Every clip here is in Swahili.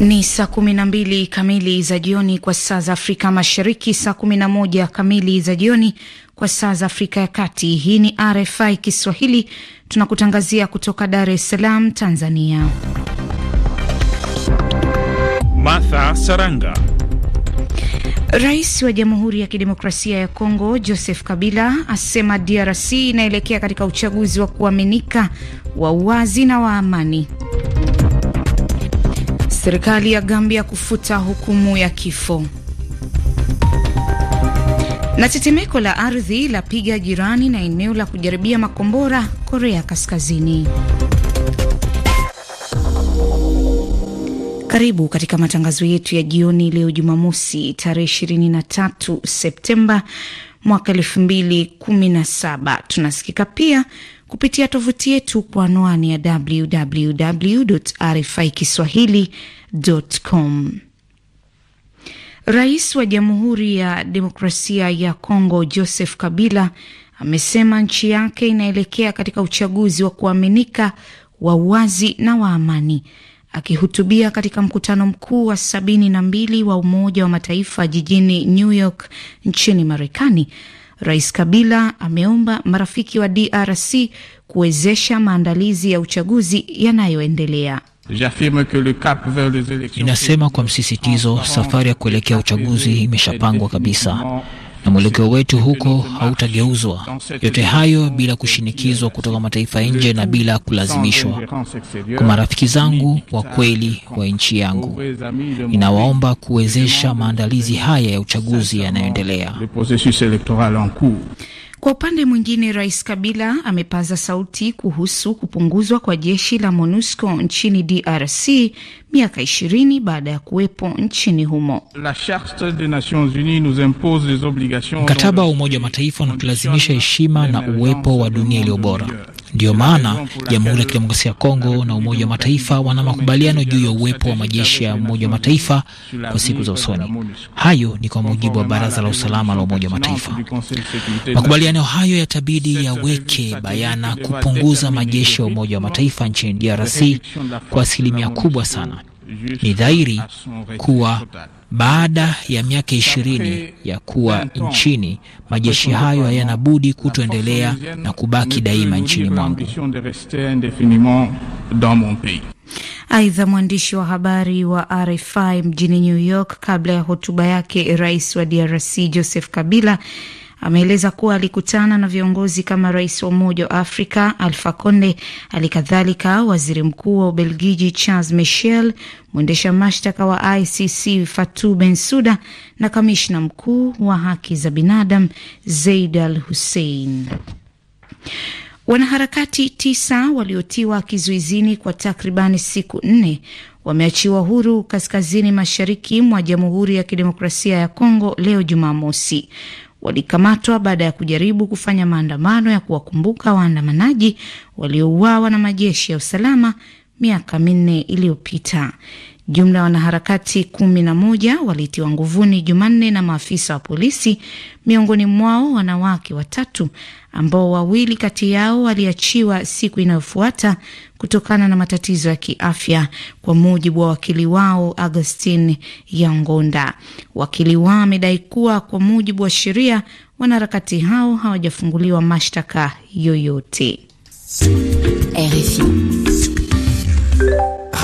Ni saa kumi na mbili kamili za jioni kwa saa za Afrika Mashariki, saa kumi na moja kamili za jioni kwa saa za Afrika ya Kati. Hii ni RFI Kiswahili, tunakutangazia kutoka Dar es Salaam, Tanzania. Martha Saranga. Rais wa Jamhuri ya Kidemokrasia ya Kongo Joseph Kabila asema DRC inaelekea katika uchaguzi wa kuaminika wa uwazi na wa amani. Serikali ya Gambia kufuta hukumu ya kifo. Na tetemeko la ardhi la piga jirani na eneo la kujaribia makombora Korea Kaskazini. Karibu katika matangazo yetu ya jioni leo Jumamosi tarehe 23 Septemba mwaka 2017. Tunasikika pia kupitia tovuti yetu kwa anwani ya www RFI kiswahilicom. Rais wa Jamhuri ya Demokrasia ya Kongo Joseph Kabila amesema nchi yake inaelekea katika uchaguzi wa kuaminika wa uwazi na wa amani. Akihutubia katika mkutano mkuu wa sabini na mbili wa Umoja wa Mataifa jijini New York nchini Marekani, Rais Kabila ameomba marafiki wa DRC kuwezesha maandalizi ya uchaguzi yanayoendelea. Inasema kwa msisitizo, safari ya kuelekea uchaguzi imeshapangwa kabisa na mwelekeo wetu huko hautageuzwa. Yote hayo bila kushinikizwa kutoka mataifa ya nje na bila kulazimishwa. Kwa marafiki zangu wa kweli wa nchi yangu, ninawaomba kuwezesha maandalizi haya ya uchaguzi yanayoendelea. Kwa upande mwingine, Rais Kabila amepaza sauti kuhusu kupunguzwa kwa jeshi la MONUSCO nchini DRC miaka ishirini baada ya kuwepo nchini humo. Mkataba wa Umoja wa Mataifa unatulazimisha heshima na uwepo wa dunia iliyo bora. Ndiyo maana Jamhuri ya Kidemokrasia ya Kongo na Umoja wa Mataifa wana makubaliano juu ya uwepo wa majeshi ya Umoja wa Mataifa kwa siku za usoni. Hayo ni kwa mujibu wa Baraza la Usalama la Umoja wa Mataifa. Makubaliano hayo yatabidi yaweke bayana kupunguza majeshi ya Umoja wa Mataifa nchini DRC kwa asilimia kubwa sana. Ni dhahiri kuwa baada ya miaka ishirini ya kuwa nchini, majeshi hayo hayana budi kutoendelea na kubaki daima nchini mwangu. Aidha, mwandishi wa habari wa RFI mjini New York, kabla ya hotuba yake, rais wa DRC Joseph Kabila ameeleza kuwa alikutana na viongozi kama rais wa Umoja wa Afrika Alfa Conde, kadhalika waziri mkuu wa Ubelgiji Charles Michel, mwendesha mashtaka wa ICC Fatou Bensouda na kamishna mkuu wa haki za binadam Zeid Al Hussein. Wanaharakati tisa waliotiwa kizuizini kwa takribani siku nne wameachiwa huru kaskazini mashariki mwa Jamhuri ya Kidemokrasia ya Kongo leo Jumamosi walikamatwa baada ya kujaribu kufanya maandamano ya kuwakumbuka waandamanaji waliouawa na majeshi ya usalama miaka minne iliyopita. Jumla ya wanaharakati kumi na moja walitiwa nguvuni Jumanne na maafisa wa polisi, miongoni mwao wanawake watatu ambao wawili kati yao waliachiwa siku inayofuata kutokana na matatizo ya kiafya, kwa mujibu wa wakili wao Agustin Yangonda. Wakili wao amedai kuwa kwa mujibu wa sheria wanaharakati hao hawajafunguliwa mashtaka yoyote. RFI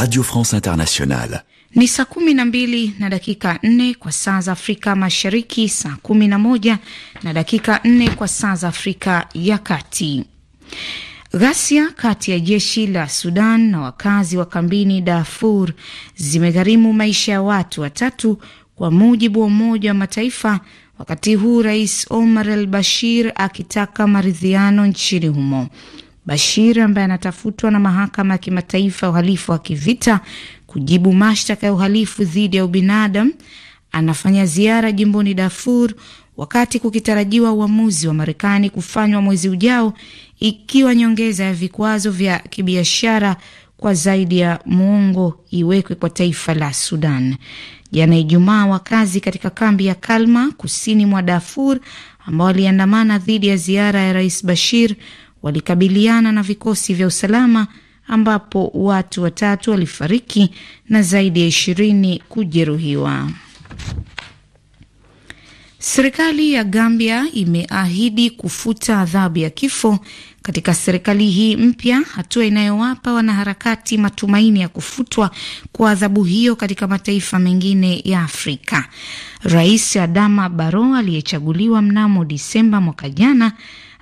Radio France Internationale. Ni saa kumi na mbili na dakika nne kwa saa za Afrika Mashariki, saa kumi na moja na dakika nne kwa saa za Afrika ya Kati. Ghasia kati ya jeshi la Sudan na wakazi wa kambini Darfur zimegharimu maisha ya watu watatu kwa mujibu wa Umoja wa Mataifa, wakati huu Rais Omar al Bashir akitaka maridhiano nchini humo. Bashir ambaye anatafutwa na mahakama ya kimataifa ya uhalifu wa kivita kujibu mashtaka ya uhalifu dhidi ya ubinadamu anafanya ziara jimboni Darfur wakati kukitarajiwa uamuzi wa Marekani kufanywa mwezi ujao, ikiwa nyongeza ya vikwazo vya kibiashara kwa zaidi ya muongo iwekwe kwa taifa la Sudan. Jana Ijumaa, wakazi katika kambi ya Kalma kusini mwa Darfur ambao waliandamana dhidi ya ziara ya Rais Bashir walikabiliana na vikosi vya usalama ambapo watu watatu walifariki na zaidi ya ishirini kujeruhiwa. Serikali ya Gambia imeahidi kufuta adhabu ya kifo katika serikali hii mpya, hatua inayowapa wanaharakati matumaini ya kufutwa kwa adhabu hiyo katika mataifa mengine ya Afrika. Rais Adama Barrow aliyechaguliwa mnamo Disemba mwaka jana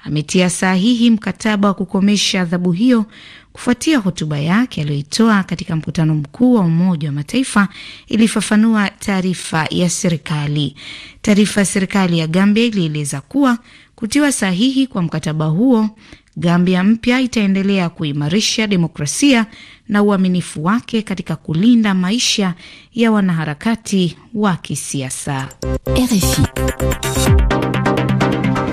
ametia sahihi mkataba wa kukomesha adhabu hiyo kufuatia hotuba yake aliyoitoa katika mkutano mkuu wa Umoja wa Mataifa ilifafanua taarifa ya serikali. Taarifa ya serikali ya Gambia ilieleza kuwa kutiwa sahihi kwa mkataba huo, Gambia mpya itaendelea kuimarisha demokrasia na uaminifu wake katika kulinda maisha ya wanaharakati wa kisiasa. RFI.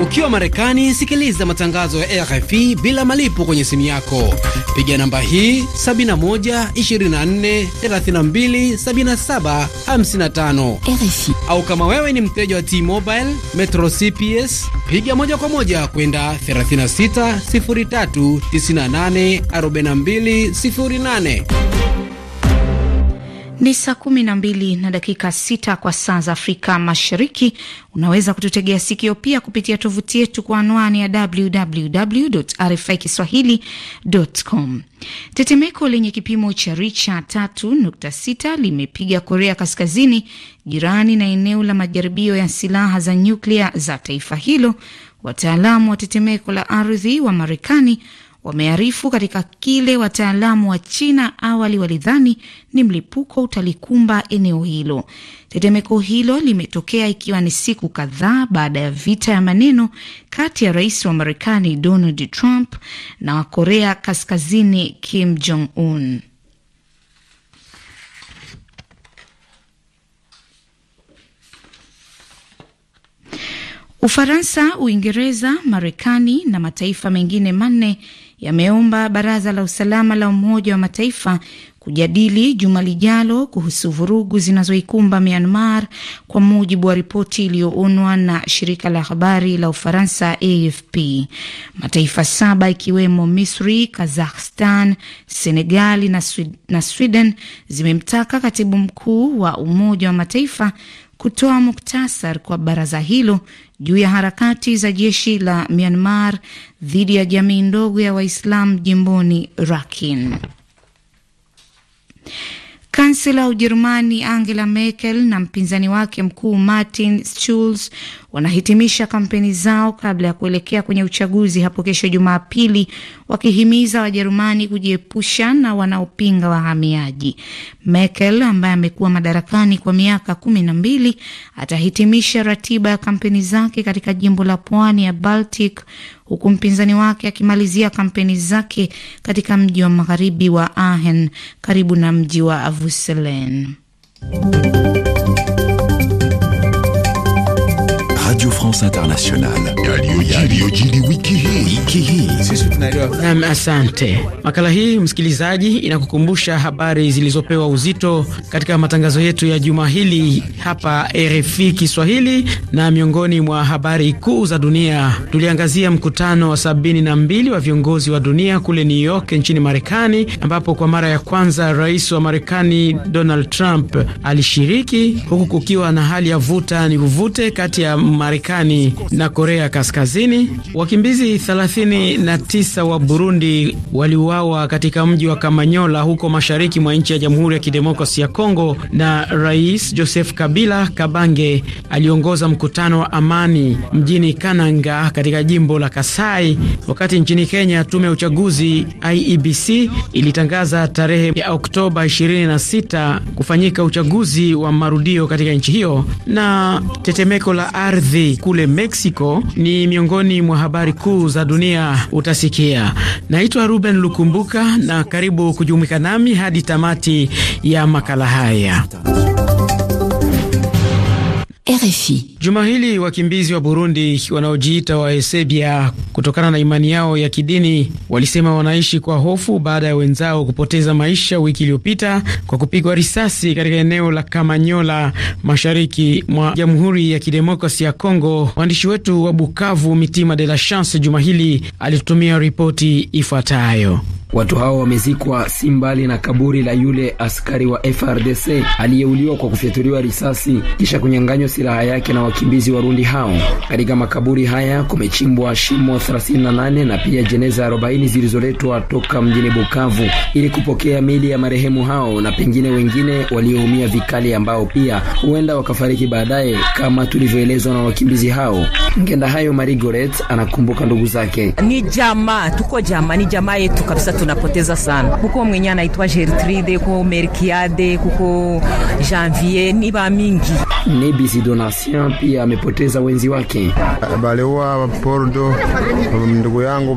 Ukiwa Marekani, sikiliza matangazo ya RFI bila malipo kwenye simu yako. Piga namba hii 7124327755 au kama wewe ni mteja wa T-Mobile Metro CPS, piga moja kwa moja kwenda 36 03 98 42 08. Ni saa kumi na mbili na dakika sita kwa saa za Afrika Mashariki. Unaweza kututegea sikio pia kupitia tovuti yetu kwa anwani ya www RFI kiswahilicom. Tetemeko lenye kipimo cha richa 3.6 limepiga Korea Kaskazini, jirani na eneo la majaribio ya silaha za nyuklia za taifa hilo, wataalamu wa tetemeko la ardhi wa Marekani wamearifu katika kile wataalamu wa China awali walidhani ni mlipuko utalikumba eneo hilo. Tetemeko hilo limetokea ikiwa ni siku kadhaa baada ya vita ya maneno kati ya rais wa Marekani Donald Trump na wa Korea Kaskazini Kim Jong Un. Ufaransa, Uingereza, Marekani na mataifa mengine manne yameomba baraza la usalama la Umoja wa Mataifa kujadili juma lijalo kuhusu vurugu zinazoikumba Myanmar, kwa mujibu wa ripoti iliyoonwa na shirika la habari la Ufaransa AFP. Mataifa saba ikiwemo Misri, Kazakhstan, Senegali na Sweden zimemtaka katibu mkuu wa Umoja wa Mataifa kutoa muktasar kwa baraza hilo juu ya harakati za jeshi la Myanmar dhidi ya jamii ndogo ya waislam jimboni rakin Kansela wa Ujerumani Angela Merkel na mpinzani wake mkuu Martin Schulz wanahitimisha kampeni zao kabla ya kuelekea kwenye uchaguzi hapo kesho Jumapili, wakihimiza Wajerumani kujiepusha na wanaopinga wahamiaji. Merkel ambaye amekuwa madarakani kwa miaka kumi na mbili atahitimisha ratiba ya kampeni zake katika jimbo la pwani ya Baltic huku mpinzani wake akimalizia kampeni zake katika mji wa magharibi wa Aachen karibu na mji wa Avuselen. France Internationale. asante. Makala hii msikilizaji, inakukumbusha habari zilizopewa uzito katika matangazo yetu ya juma hili hapa RFI Kiswahili, na miongoni mwa habari kuu za dunia tuliangazia mkutano wa sabini na mbili wa viongozi wa dunia kule New York nchini Marekani, ambapo kwa mara ya kwanza rais wa Marekani Donald Trump alishiriki huku kukiwa na hali ya vuta ni kuvute kati ya Marekani Marekani na Korea Kaskazini. Wakimbizi 39 wa Burundi waliuawa katika mji wa Kamanyola huko mashariki mwa nchi ya Jamhuri ya Kidemokrasi ya Kongo, na Rais Joseph Kabila Kabange aliongoza mkutano wa amani mjini Kananga katika jimbo la Kasai, wakati nchini Kenya tume ya uchaguzi IEBC ilitangaza tarehe ya Oktoba 26 kufanyika uchaguzi wa marudio katika nchi hiyo, na tetemeko la ardhi kule Mexico ni miongoni mwa habari kuu za dunia utasikia. Naitwa Ruben Lukumbuka na karibu kujumuika nami hadi tamati ya makala haya. RFI. Juma hili wakimbizi wa Burundi wanaojiita Waesebia kutokana na imani yao ya kidini walisema wanaishi kwa hofu baada ya wenzao kupoteza maisha wiki iliyopita kwa kupigwa risasi katika eneo la Kamanyola mashariki mwa Jamhuri ya Kidemokrasi ya Kongo. Mwandishi wetu wa Bukavu Mitima de la Chance juma hili alitutumia ripoti ifuatayo. Watu hao wamezikwa si mbali na kaburi la yule askari wa FRDC aliyeuliwa kwa kufyatuliwa risasi kisha kunyang'anywa silaha yake na wakimbizi Warundi hao. Katika makaburi haya kumechimbwa shimo 38 na pia jeneza 40 zilizoletwa toka mjini Bukavu ili kupokea mili ya marehemu hao na pengine wengine walioumia vikali ambao pia huenda wakafariki baadaye kama tulivyoelezwa na wakimbizi hao. Ngenda hayo Marigoret anakumbuka ndugu zake. Ni jamaa, tuko jamaa, ni jamaa yetu kabisa tunapoteza sana. Kuko mwenye anaitwa Gertrude, kuko Merkiade, kuko Janvier, ni ba mingi ni bizi Donatien pia amepoteza wenzi wake. Baliua Wapordo ndugu yangu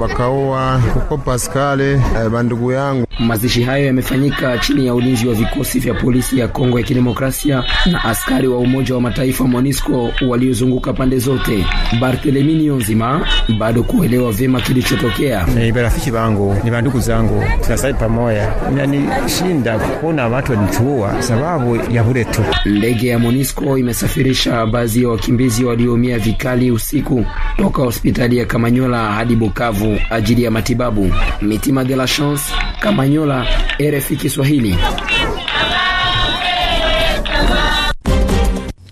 bakaua huko Paskale eh, bandugu yangu. Mazishi hayo yamefanyika chini ya ulinzi wa vikosi vya polisi ya Kongo ya Kidemokrasia na askari wa Umoja wa Mataifa monisco waliozunguka pande zote. Barthelemy Niyonzima bado kuelewa vyema kilichotokea. Ni barafiki bangu, ni bandugu zangu, tunasali pamoja. Inanishinda kuona watu wanituua sababu ya bure tu. Ndege ya MONUSCO imesafirisha baadhi ya wakimbizi walioumia vikali usiku toka hospitali ya Kamanyola hadi Bukavu ajili ya matibabu. Mitima de la Chance, Kamanyola, RFI Kiswahili.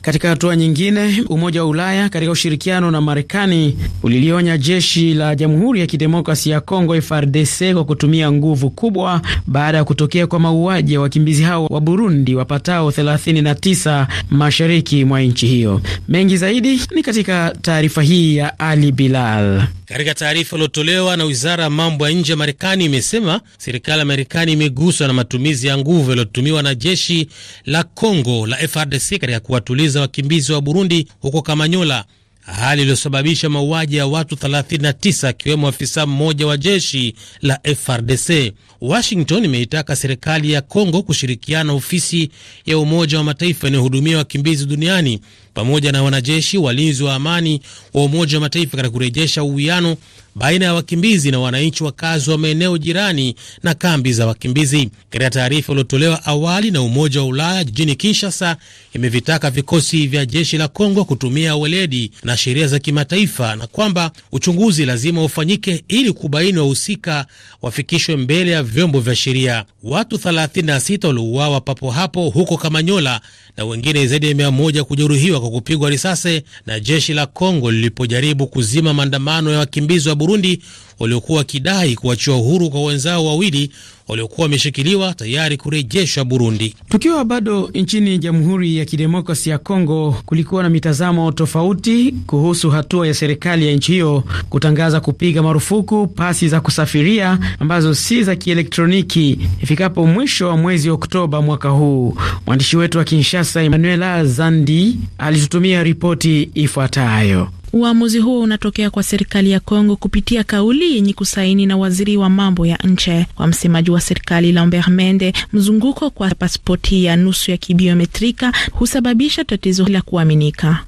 Katika hatua nyingine, Umoja wa Ulaya katika ushirikiano na Marekani ulilionya jeshi la Jamhuri ya Kidemokrasi ya Kongo FRDC kwa kutumia nguvu kubwa baada ya kutokea kwa mauaji ya wakimbizi hao wa Burundi wapatao 39 mashariki mwa nchi hiyo. Mengi zaidi ni katika taarifa hii ya Ali Bilal. Katika taarifa iliyotolewa na wizara ya mambo ya nje ya Marekani, imesema serikali ya Marekani imeguswa na matumizi ya nguvu yaliyotumiwa na jeshi la congo la frdc katika kuwatuliza wakimbizi wa Burundi huko Kamanyola hali iliyosababisha mauaji ya watu 39 akiwemo afisa mmoja wa jeshi la FRDC. Washington imeitaka serikali ya congo kushirikiana na ofisi ya Umoja wa Mataifa inayohudumia wakimbizi duniani pamoja na wanajeshi walinzi wa amani wa Umoja wa Mataifa katika kurejesha uwiano baina ya wakimbizi na wananchi wakazi wa maeneo jirani na kambi za wakimbizi. Katika taarifa iliyotolewa awali na Umoja wa Ulaya jijini Kinshasa, imevitaka vikosi vya jeshi la Kongo kutumia weledi na sheria za kimataifa na kwamba uchunguzi lazima ufanyike ili kubaini wahusika wafikishwe mbele ya vyombo vya sheria. Watu 36 waliuawa papo hapo huko Kamanyola na wengine zaidi ya mia moja kujeruhiwa kwa kupigwa risasi na jeshi la Kongo lilipojaribu kuzima maandamano ya wakimbizi wa Burundi waliokuwa wakidai kuachiwa uhuru kwa wenzao wawili waliokuwa wameshikiliwa tayari kurejeshwa Burundi. Tukiwa bado nchini Jamhuri ya Kidemokrasi ya Kongo, kulikuwa na mitazamo tofauti kuhusu hatua ya serikali ya nchi hiyo kutangaza kupiga marufuku pasi za kusafiria ambazo si za kielektroniki ifikapo mwisho wa mwezi Oktoba mwaka huu. Mwandishi wetu wa Kinshasa, Emmanuela Zandi, alitutumia ripoti ifuatayo. Uamuzi huo unatokea kwa serikali ya Kongo kupitia kauli yenye kusaini na waziri wa mambo ya nje. Kwa msemaji wa serikali Lambert Mende, mzunguko kwa pasipoti ya nusu ya kibiometrika husababisha tatizo la kuaminika.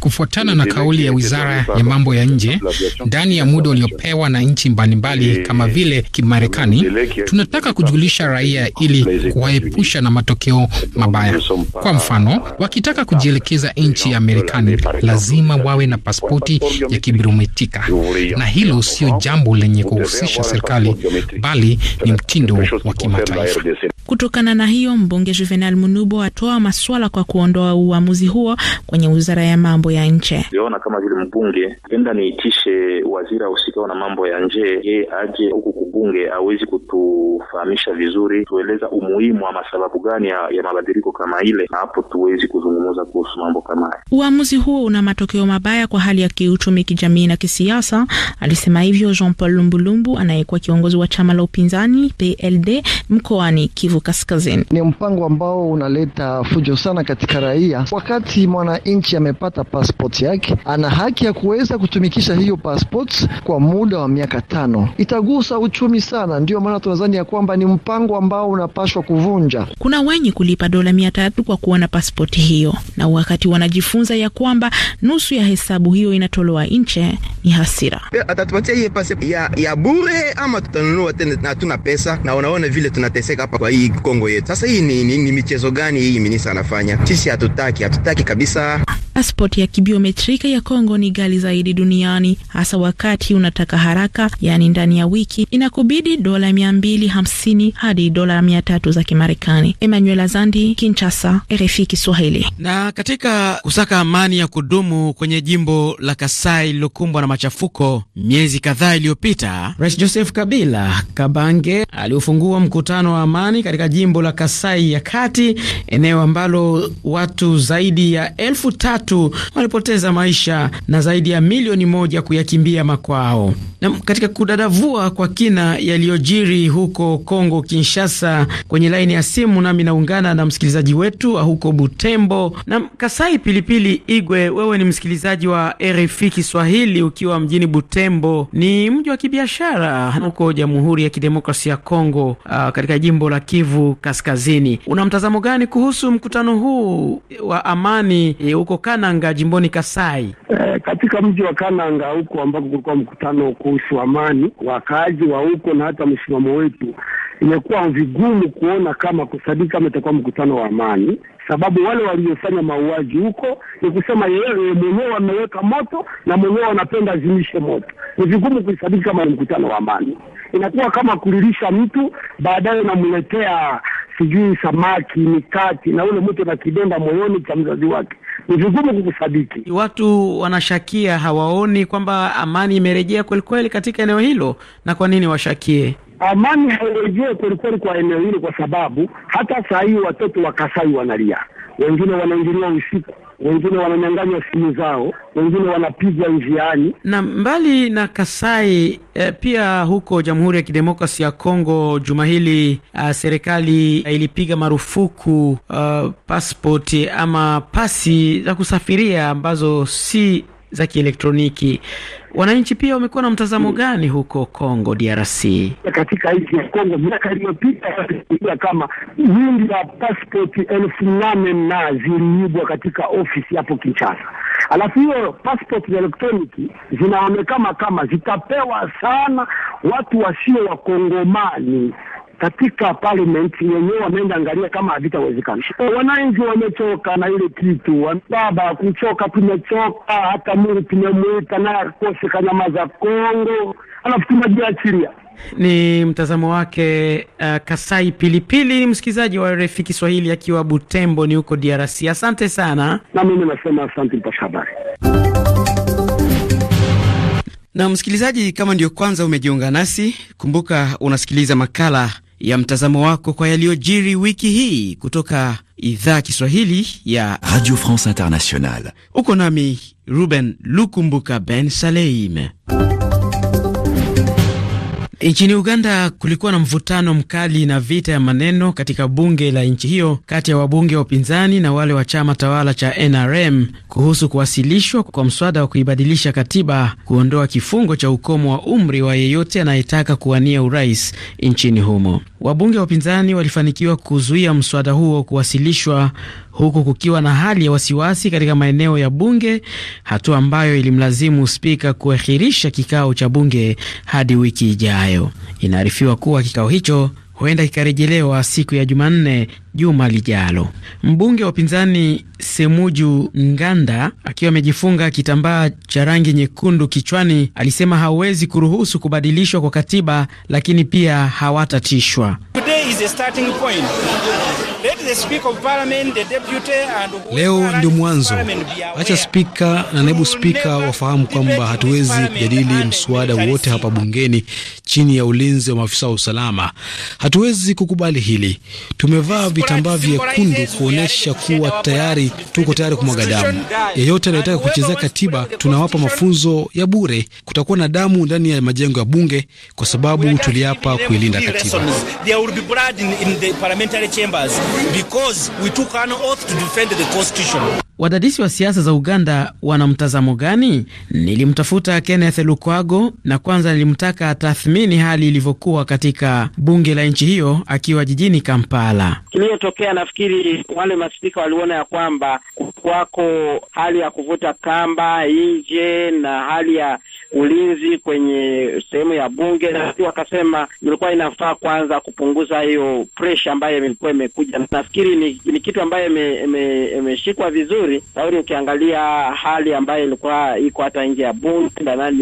Kufuatana na kauli ya wizara ya mambo ya nje, ndani ya muda uliopewa na nchi mbalimbali kama vile Kimarekani, tunataka kujulisha raia ili kuwaepusha na matokeo mabaya. Kwa mfano, wakitaka kujielekeza nchi ya Amerika Marekani lazima wawe na pasipoti ya kibiometrika, na hilo sio jambo lenye kuhusisha serikali, bali ni mtindo wa kimataifa. Kutokana na hiyo, mbunge Juvenal Munubo atoa maswala kwa kuondoa uamuzi huo kwenye wizara ya mambo ya nje. Ona kama vile mbunge penda niitishe waziri ausikao na mambo ya nje, yeye aje huku kubunge, awezi kutufahamisha vizuri, tueleza umuhimu ama sababu gani ya, ya mabadiliko kama ile, na hapo tuwezi kuzungumza kuhusu mambo kama hayo. Uamuzi huo una matokeo mabaya kwa hali ya kiuchumi, kijamii na kisiasa. Alisema hivyo Jean Paul Lumbulumbu anayekuwa kiongozi wa chama la upinzani PLD mkoani Kivu Kaskazini. Ni mpango ambao unaleta fujo sana katika raia. Wakati mwananchi amepata pasipoti yake, ana haki ya kuweza kutumikisha hiyo pasipoti kwa muda wa miaka tano. Itagusa uchumi sana, ndiyo maana tunadhani ya kwamba ni mpango ambao unapashwa kuvunja. Kuna wenye kulipa dola mia tatu kwa kuona paspoti hiyo, na wakati wanajifunza ya kwamba nusu ya hesabu hiyo inatolewa nje ni hasira. Atatupatia hiyo pasi ya, ya bure ama tutanunua tena, na tuna pesa na unaona vile tunateseka hapa kwa hii Kongo yetu. Sasa hii ni, ni, ni michezo gani hii minisa anafanya? Sisi hatutaki, hatutaki kabisa. Pasipoti ya kibiometrika ya Kongo ni ghali zaidi duniani, hasa wakati unataka haraka, yani ndani ya wiki inakubidi dola mia mbili hamsini hadi dola mia tatu za Kimarekani. Emmanuel Azandi, Kinshasa, RFI Kiswahili. Na katika kusaka amani amani ya kudumu kwenye jimbo la Kasai lilokumbwa na machafuko miezi kadhaa iliyopita, Rais Joseph Kabila Kabange aliofungua mkutano wa amani katika jimbo la Kasai ya Kati, eneo ambalo watu zaidi ya elfu tatu walipoteza maisha na zaidi ya milioni moja kuyakimbia makwao. Na katika kudadavua kwa kina yaliyojiri huko Kongo Kinshasa, kwenye laini ya simu nami naungana na msikilizaji wetu huko Butembo na Kasai Pilipili Msigwe, wewe ni msikilizaji wa RFI Kiswahili ukiwa mjini Butembo, ni mji wa kibiashara huko Jamhuri ya Kidemokrasia ya Kongo, uh, katika jimbo la Kivu Kaskazini. Una mtazamo gani kuhusu mkutano huu wa amani eh, huko Kananga jimboni Kasai? Eh, katika mji wa Kananga huko ambako kulikuwa mkutano kuhusu amani, wakazi wa huko na hata msimamo wetu imekuwa vigumu kuona kama kusadiki kama itakuwa mkutano wa amani, sababu wale waliofanya mauaji huko ni kusema yeye mwenyewe wameweka moto na mwenyewe wanapenda azimishe moto. Ni vigumu kuisadiki kama ni mkutano wa amani, inakuwa kama kulilisha mtu, baadaye unamletea sijui samaki, mikati, na ule mtu na kidonda moyoni cha mzazi wake. Ni vigumu kukusadiki. Watu wanashakia, hawaoni kwamba amani imerejea kwelikweli katika eneo hilo, na kwa nini washakie? amani hairejee kwelikweli kwa eneo hili, kwa sababu hata saa hii watoto wa Kasai wanalia, wengine wanaingiliwa usiku, wengine wananyang'anywa simu zao, wengine wanapigwa njiani. Na mbali na Kasai eh, pia huko Jamhuri ya Kidemokrasi ya Kongo juma hili eh, serikali eh, ilipiga marufuku eh, paspoti ama pasi za kusafiria ambazo si za kielektroniki. Wananchi pia wamekuwa na mtazamo mm. gani huko Kongo DRC? Katika nchi ya Kongo miaka iliyopita kama wingi wa paspoti elfu nane na ziliibwa katika ofisi hapo Kinshasa. Alafu hiyo passport za elektroniki zinaonekana kama zitapewa sana watu wasio wakongomani katika parliament yenyewe wameenda angalia kama havitawezekana. Eh, wananchi wamechoka na ile kitu, baba kuchoka, tumechoka. Hata Mungu tumemwita naye akose za Kongo, alafu tunajiachilia. Ni mtazamo wake uh, Kasai Pilipili, msikilizaji wa RFI Kiswahili akiwa Butembo ni huko DRC. Asante sana, na mimi nasema asante mpasha habari na msikilizaji, kama ndio kwanza umejiunga nasi, kumbuka unasikiliza makala ya mtazamo wako kwa yaliyojiri wiki hii kutoka idhaa Kiswahili ya Radio France Internationale. Uko nami Ruben Lukumbuka Ben Saleim. E, nchini Uganda kulikuwa na mvutano mkali na vita ya maneno katika bunge la nchi hiyo kati ya wabunge wa upinzani na wale wa chama tawala cha NRM kuhusu kuwasilishwa kwa mswada wa kuibadilisha katiba kuondoa kifungo cha ukomo wa umri wa yeyote anayetaka kuwania urais nchini humo. Wabunge wa upinzani walifanikiwa kuzuia mswada huo kuwasilishwa huku kukiwa na hali ya wasiwasi katika maeneo ya bunge, hatua ambayo ilimlazimu spika kuahirisha kikao cha bunge hadi wiki ijayo. Inaarifiwa kuwa kikao hicho huenda ikarejelewa siku ya Jumanne juma lijalo. Mbunge wa upinzani Semuju Nganda akiwa amejifunga kitambaa cha rangi nyekundu kichwani alisema hawezi kuruhusu kubadilishwa kwa katiba, lakini pia hawatatishwa. Today is a starting point. Leo ndio mwanzo, acha spika na naibu spika wafahamu kwamba hatuwezi kujadili mswada wote hapa bungeni chini ya ulinzi wa maafisa wa usalama. Hatuwezi kukubali hili. Tumevaa vitambaa vyekundu kuonyesha kuwa tayari, tuko tayari kumwaga damu. Yeyote anayotaka kuchezea katiba, tunawapa mafunzo ya bure. Kutakuwa na damu ndani ya majengo ya bunge kwa sababu tuliapa kuilinda katiba. because we took an oath to defend the Constitution. Wadadisi wa siasa za Uganda wana mtazamo gani? Nilimtafuta Kenneth Lukwago na kwanza nilimtaka tathmini hali ilivyokuwa katika bunge la nchi hiyo akiwa jijini Kampala. Kiliyotokea, nafikiri wale maspika waliona ya kwamba kwako hali ya kuvuta kamba nje na hali ya ulinzi kwenye sehemu ya bunge, na wakasema ilikuwa inafaa kwanza kupunguza hiyo presha ambayo ilikuwa imekuja. Nafikiri ni, ni kitu ambayo imeshikwa vizuri vizuri Nauri ukiangalia hali ambayo ilikuwa iko hata nje ya bunge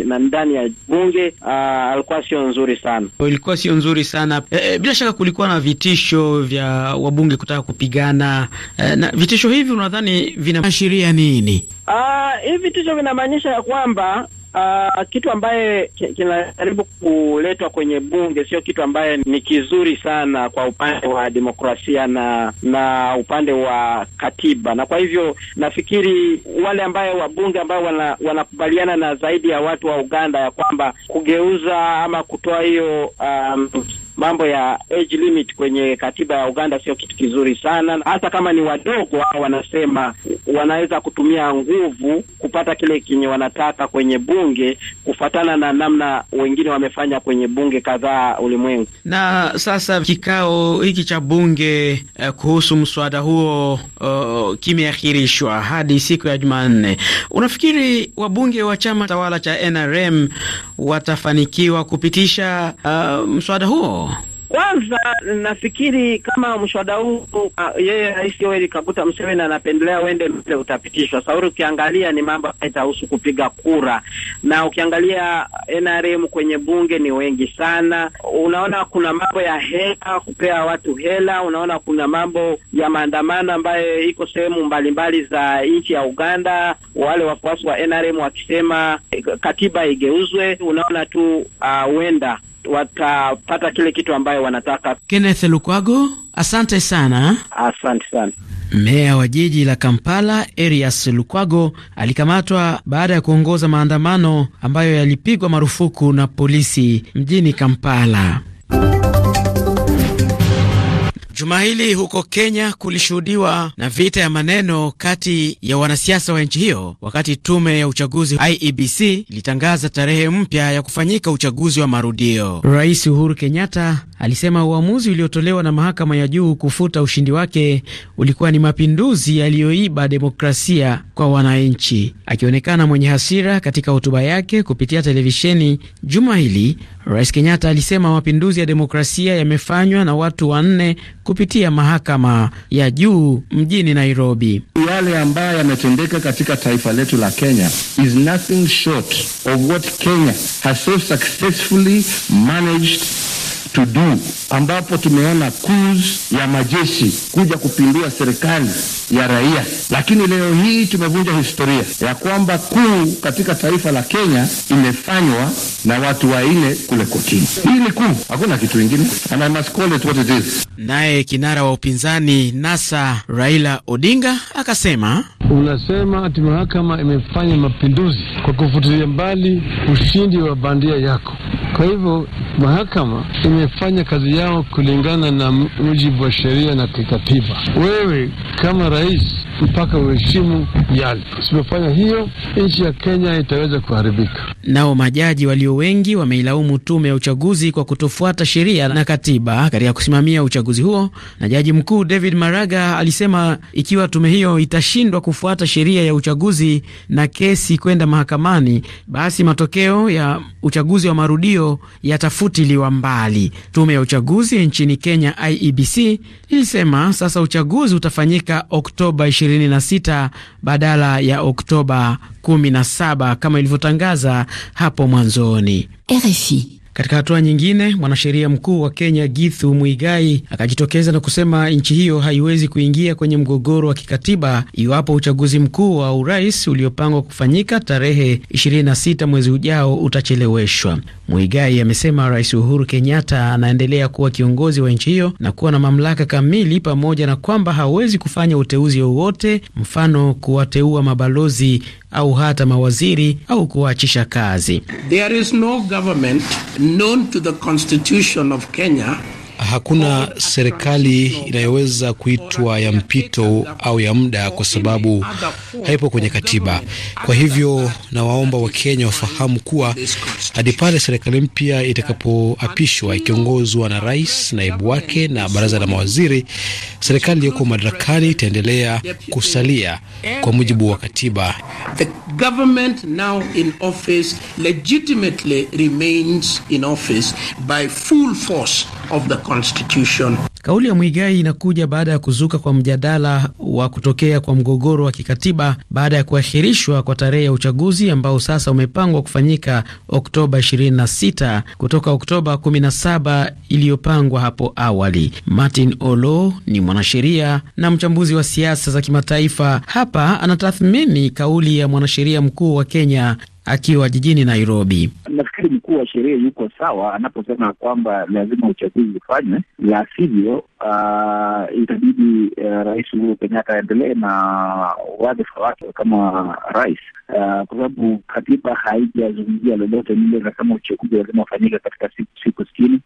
na ndani ya bunge ah, alikuwa sio nzuri sana, ilikuwa sio nzuri sana. E, bila shaka kulikuwa na vitisho vya wabunge kutaka kupigana e, na vitisho hivi unadhani vinaashiria nini? Ah, hivi vitisho vinamaanisha ya kwamba Uh, kitu ambaye kinajaribu kuletwa kwenye bunge sio kitu ambaye ni kizuri sana kwa upande wa demokrasia na na upande wa katiba, na kwa hivyo nafikiri wale ambaye wabunge ambao wana, wanakubaliana na zaidi ya watu wa Uganda ya kwamba kugeuza ama kutoa hiyo um, mambo ya age limit kwenye katiba ya Uganda sio kitu kizuri sana, hasa kama ni wadogo hao. Wanasema wanaweza kutumia nguvu kupata kile kinye wanataka kwenye bunge, kufatana na namna wengine wamefanya kwenye bunge kadhaa ulimwengu. Na sasa kikao hiki cha bunge eh, kuhusu mswada huo oh, kimeahirishwa hadi siku ya Jumanne. Unafikiri wabunge wa chama tawala cha NRM watafanikiwa kupitisha uh, mswada huo? Kwanza nafikiri kama mshwada huu uh, yeye Rais Yoweri Kaguta Museveni anapendelea uende mbele, utapitishwa sauri. Ukiangalia ni mambo itahusu kupiga kura, na ukiangalia NRM kwenye bunge ni wengi sana. Unaona kuna mambo ya hela, kupea watu hela. Unaona kuna mambo ya maandamano ambayo iko sehemu mbalimbali za nchi ya Uganda, wale wafuasi wa NRM wakisema katiba igeuzwe. Unaona tu uh, huenda uh, watapata kile kitu ambayo wanataka. Kenneth Lukwago, asante sana. Asante sana. Meya wa jiji la Kampala Erias Lukwago alikamatwa baada ya kuongoza maandamano ambayo yalipigwa marufuku na polisi mjini Kampala. Juma hili huko Kenya kulishuhudiwa na vita ya maneno kati ya wanasiasa wa nchi hiyo, wakati tume ya uchaguzi IEBC ilitangaza tarehe mpya ya kufanyika uchaguzi wa marudio. Rais Uhuru Kenyatta alisema uamuzi uliotolewa na mahakama ya juu kufuta ushindi wake ulikuwa ni mapinduzi yaliyoiba demokrasia kwa wananchi. Akionekana mwenye hasira katika hotuba yake kupitia televisheni juma hili, Rais Kenyatta alisema mapinduzi ya demokrasia yamefanywa na watu wanne kupitia mahakama ya juu mjini Nairobi. Yale ambayo yametendeka katika taifa letu la Kenya is nothing short of what Kenya has so successfully managed to do, ambapo tumeona kuz ya majeshi kuja kupindua serikali ya raia. Lakini leo hii tumevunja historia ya kwamba kuu katika taifa la Kenya imefanywa na watu wanne kule kotini. Hii ni kuu, hakuna kitu kingine. And I must call it what it is. Naye kinara wa upinzani NASA Raila Odinga akasema, unasema ati mahakama imefanya mapinduzi kwa kufutilia mbali ushindi wa bandia yako. Kwa hivyo mahakama imefanya kazi yao kulingana na mujibu wa sheria na kikatiba. Wewe kama rais mpaka uheshimu yale. Usipofanya hiyo, nchi ya Kenya itaweza kuharibika. Nao majaji walio wengi wameilaumu tume ya uchaguzi kwa kutofuata sheria na katiba katika kusimamia uchaguzi huo, na jaji mkuu David Maraga alisema ikiwa tume hiyo itashindwa kufuata sheria ya uchaguzi na kesi kwenda mahakamani, basi matokeo ya uchaguzi wa marudio yatafutiliwa mbali. Tume ya uchaguzi nchini Kenya, IEBC, ilisema sasa uchaguzi utafanyika Oktoba 26 badala ya Oktoba 17 kama ilivyotangaza hapo mwanzoni. RFI. Katika hatua nyingine, mwanasheria mkuu wa Kenya Githu Muigai akajitokeza na kusema nchi hiyo haiwezi kuingia kwenye mgogoro wa kikatiba iwapo uchaguzi mkuu wa urais uliopangwa kufanyika tarehe 26 mwezi ujao utacheleweshwa. Muigai amesema Rais Uhuru Kenyatta anaendelea kuwa kiongozi wa nchi hiyo na kuwa na mamlaka kamili, pamoja na kwamba hawezi kufanya uteuzi wowote, mfano kuwateua mabalozi au hata mawaziri au kuwaachisha kazi. There is no government known to the Constitution of Kenya Hakuna serikali inayoweza kuitwa ya mpito au ya muda kwa sababu haipo kwenye katiba. Kwa hivyo, nawaomba Wakenya wafahamu kuwa hadi pale serikali mpya itakapoapishwa ikiongozwa na rais, naibu wake na baraza la mawaziri, serikali iliyoko madarakani itaendelea kusalia kwa mujibu wa katiba. The office constitution. Kauli ya Mwigai inakuja baada ya kuzuka kwa mjadala wa kutokea kwa mgogoro wa kikatiba baada ya kuahirishwa kwa tarehe ya uchaguzi ambao sasa umepangwa kufanyika Oktoba 26 kutoka Oktoba 17 iliyopangwa hapo awali. Martin Olo ni mwanasheria na mchambuzi wa siasa za kimataifa. Hapa anatathmini kauli ya mwanasheria mkuu wa Kenya akiwa jijini Nairobi. Nafikiri mkuu wa sheria yuko sawa anaposema kwamba lazima uchaguzi ufanywe, la sivyo uh, itabidi uh, Rais Uhuru Kenyatta aendelee na wadhifa wake kama rais uh, kwa sababu katiba haijazungumzia lolote lile na kama uchaguzi lazima ufanyike katika siku, siku sitini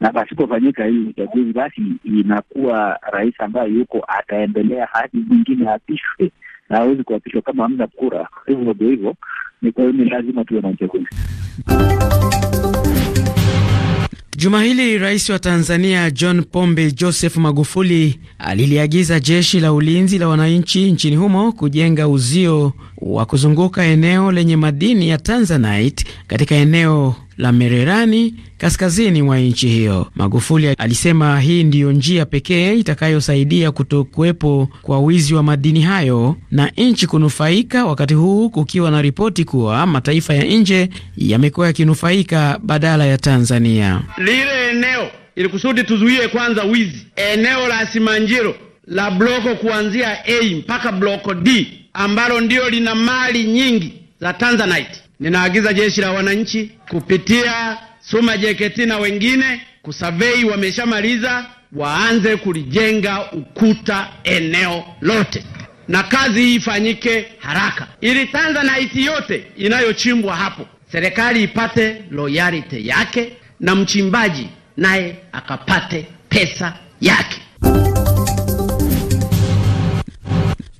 na pasipofanyika hii uchaguzi basi inakuwa rais ambaye yuko ataendelea hadi mwingine apishwe na hawezi kuapishwa kama hamna kura. Hivyo ndio hivyo, ni kwa hiyo ni lazima tuwe na uchaguzi. Juma hili rais wa Tanzania John Pombe Joseph Magufuli aliliagiza jeshi la ulinzi la wananchi nchini humo kujenga uzio wa kuzunguka eneo lenye madini ya Tanzanite katika eneo la Mererani kaskazini mwa nchi hiyo. Magufuli alisema hii ndiyo njia pekee itakayosaidia kutokuwepo kwa wizi wa madini hayo na nchi kunufaika, wakati huu kukiwa na ripoti kuwa mataifa ya nje yamekuwa yakinufaika badala ya Tanzania. Lile eneo ili kusudi tuzuie kwanza wizi, eneo la Simanjiro la bloko kuanzia A mpaka bloko D ambalo ndio lina mali nyingi za Tanzanite Ninaagiza jeshi la wananchi kupitia Suma JKT na wengine kusavei, wameshamaliza, waanze kulijenga ukuta eneo lote, na kazi hii ifanyike haraka ili tanzanite yote inayochimbwa hapo serikali ipate royalty yake na mchimbaji naye akapate pesa yake.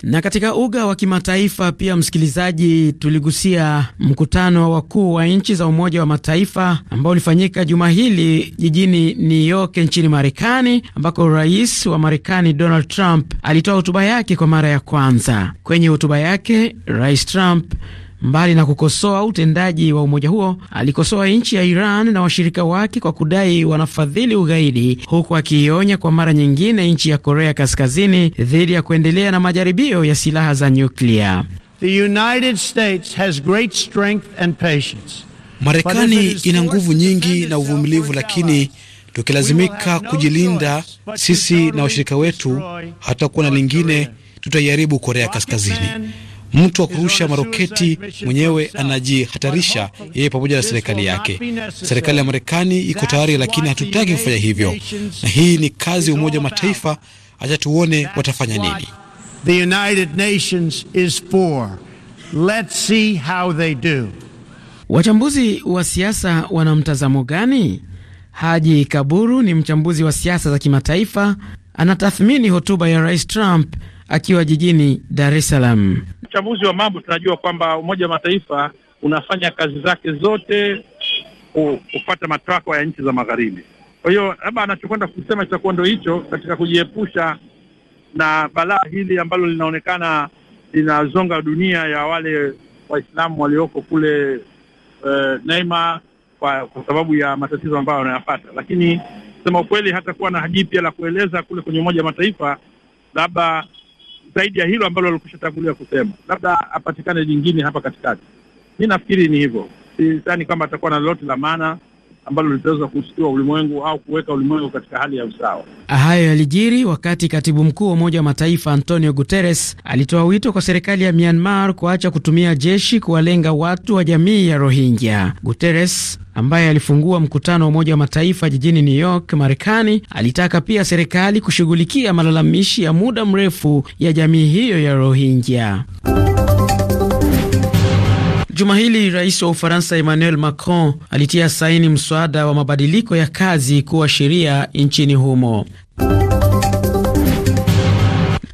Na katika uga wa kimataifa pia, msikilizaji, tuligusia mkutano wa wakuu wa nchi za Umoja wa Mataifa ambao ulifanyika juma hili jijini New York nchini Marekani, ambako rais wa Marekani Donald Trump alitoa hotuba yake kwa mara ya kwanza. Kwenye hotuba yake Rais Trump Mbali na kukosoa utendaji wa umoja huo, alikosoa nchi ya Iran na washirika wake kwa kudai wanafadhili ugaidi, huku akiionya kwa mara nyingine nchi ya Korea Kaskazini dhidi ya kuendelea na majaribio ya silaha za nyuklia. Marekani ina nguvu nyingi na uvumilivu, lakini tukilazimika kujilinda sisi na washirika wetu, hatakuwa na lingine, tutaiharibu Korea Kaskazini. Mtu wa kurusha maroketi mwenyewe anajihatarisha yeye pamoja na serikali yake. Serikali ya Marekani iko tayari, lakini hatutaki kufanya hivyo, na hii ni kazi ya Umoja wa Mataifa. Acha tuone watafanya nini. The United Nations is for. Let's see how they do. Wachambuzi wa siasa wana mtazamo gani? Haji Kaburu ni mchambuzi wa siasa za kimataifa, anatathmini hotuba ya Rais Trump akiwa jijini Dar es Salaam. Mchambuzi wa mambo, tunajua kwamba Umoja wa Mataifa unafanya kazi zake zote kupata matakwa ya nchi za magharibi. Kwa hiyo labda anachokwenda kusema kitakuwa ndo hicho katika kujiepusha na balaa hili ambalo linaonekana linazonga dunia ya wale Waislamu walioko kule e, eh, Neima kwa, kwa sababu ya matatizo ambayo wanayapata, lakini sema ukweli hata kuwa na haji la kueleza kule kwenye Umoja wa Mataifa, labda zaidi ya hilo ambalo alikushatangulia kusema, labda apatikane jingine hapa katikati. Mi nafikiri ni hivyo, sidhani kwamba atakuwa na lolote la maana ambalo litaweza kushtua ulimwengu au kuweka ulimwengu katika hali ya usawa. Hayo yalijiri wakati katibu mkuu wa Umoja wa Mataifa Antonio Guterres alitoa wito kwa serikali ya Myanmar kuacha kutumia jeshi kuwalenga watu wa jamii ya Rohingya. Guterres ambaye alifungua mkutano wa Umoja wa Mataifa jijini New York, Marekani, alitaka pia serikali kushughulikia malalamishi ya muda mrefu ya jamii hiyo ya Rohingya. Juma hili rais wa Ufaransa Emmanuel Macron alitia saini mswada wa mabadiliko ya kazi kuwa sheria nchini humo.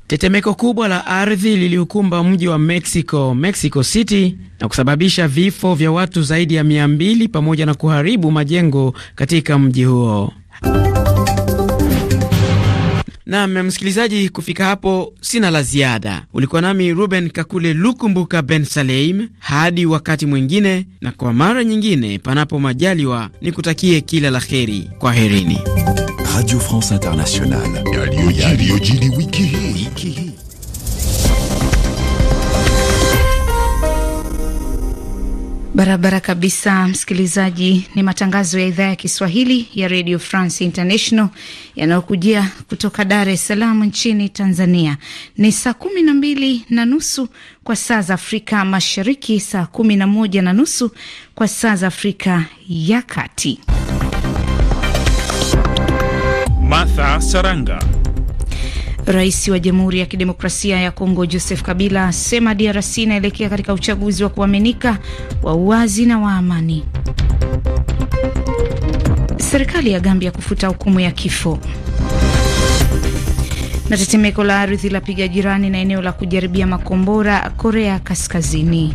Tetemeko kubwa la ardhi liliukumba mji wa Mexico, Mexico City, na kusababisha vifo vya watu zaidi ya 200 pamoja na kuharibu majengo katika mji huo. Nam msikilizaji, kufika hapo sina la ziada. Ulikuwa nami Ruben Kakule Lukumbuka Ben Saleim, hadi wakati mwingine, na kwa mara nyingine, panapo majaliwa, nikutakie kila la heri. Kwa herini. Radio France Internationale yaliyojiri wiki hii. Barabara kabisa, msikilizaji. Ni matangazo ya idhaa ya Kiswahili ya Radio France International yanayokujia kutoka Dar es Salaam nchini Tanzania. Ni saa kumi na mbili na nusu kwa saa za Afrika Mashariki, saa kumi na moja na nusu kwa saa za Afrika ya Kati. Martha Saranga Rais wa Jamhuri ya Kidemokrasia ya Kongo Joseph Kabila asema DRC inaelekea katika uchaguzi wa kuaminika wa uwazi na wa amani. Serikali ya Gambia kufuta hukumu ya kifo. Na tetemeko la ardhi la piga jirani na eneo la kujaribia makombora Korea Kaskazini.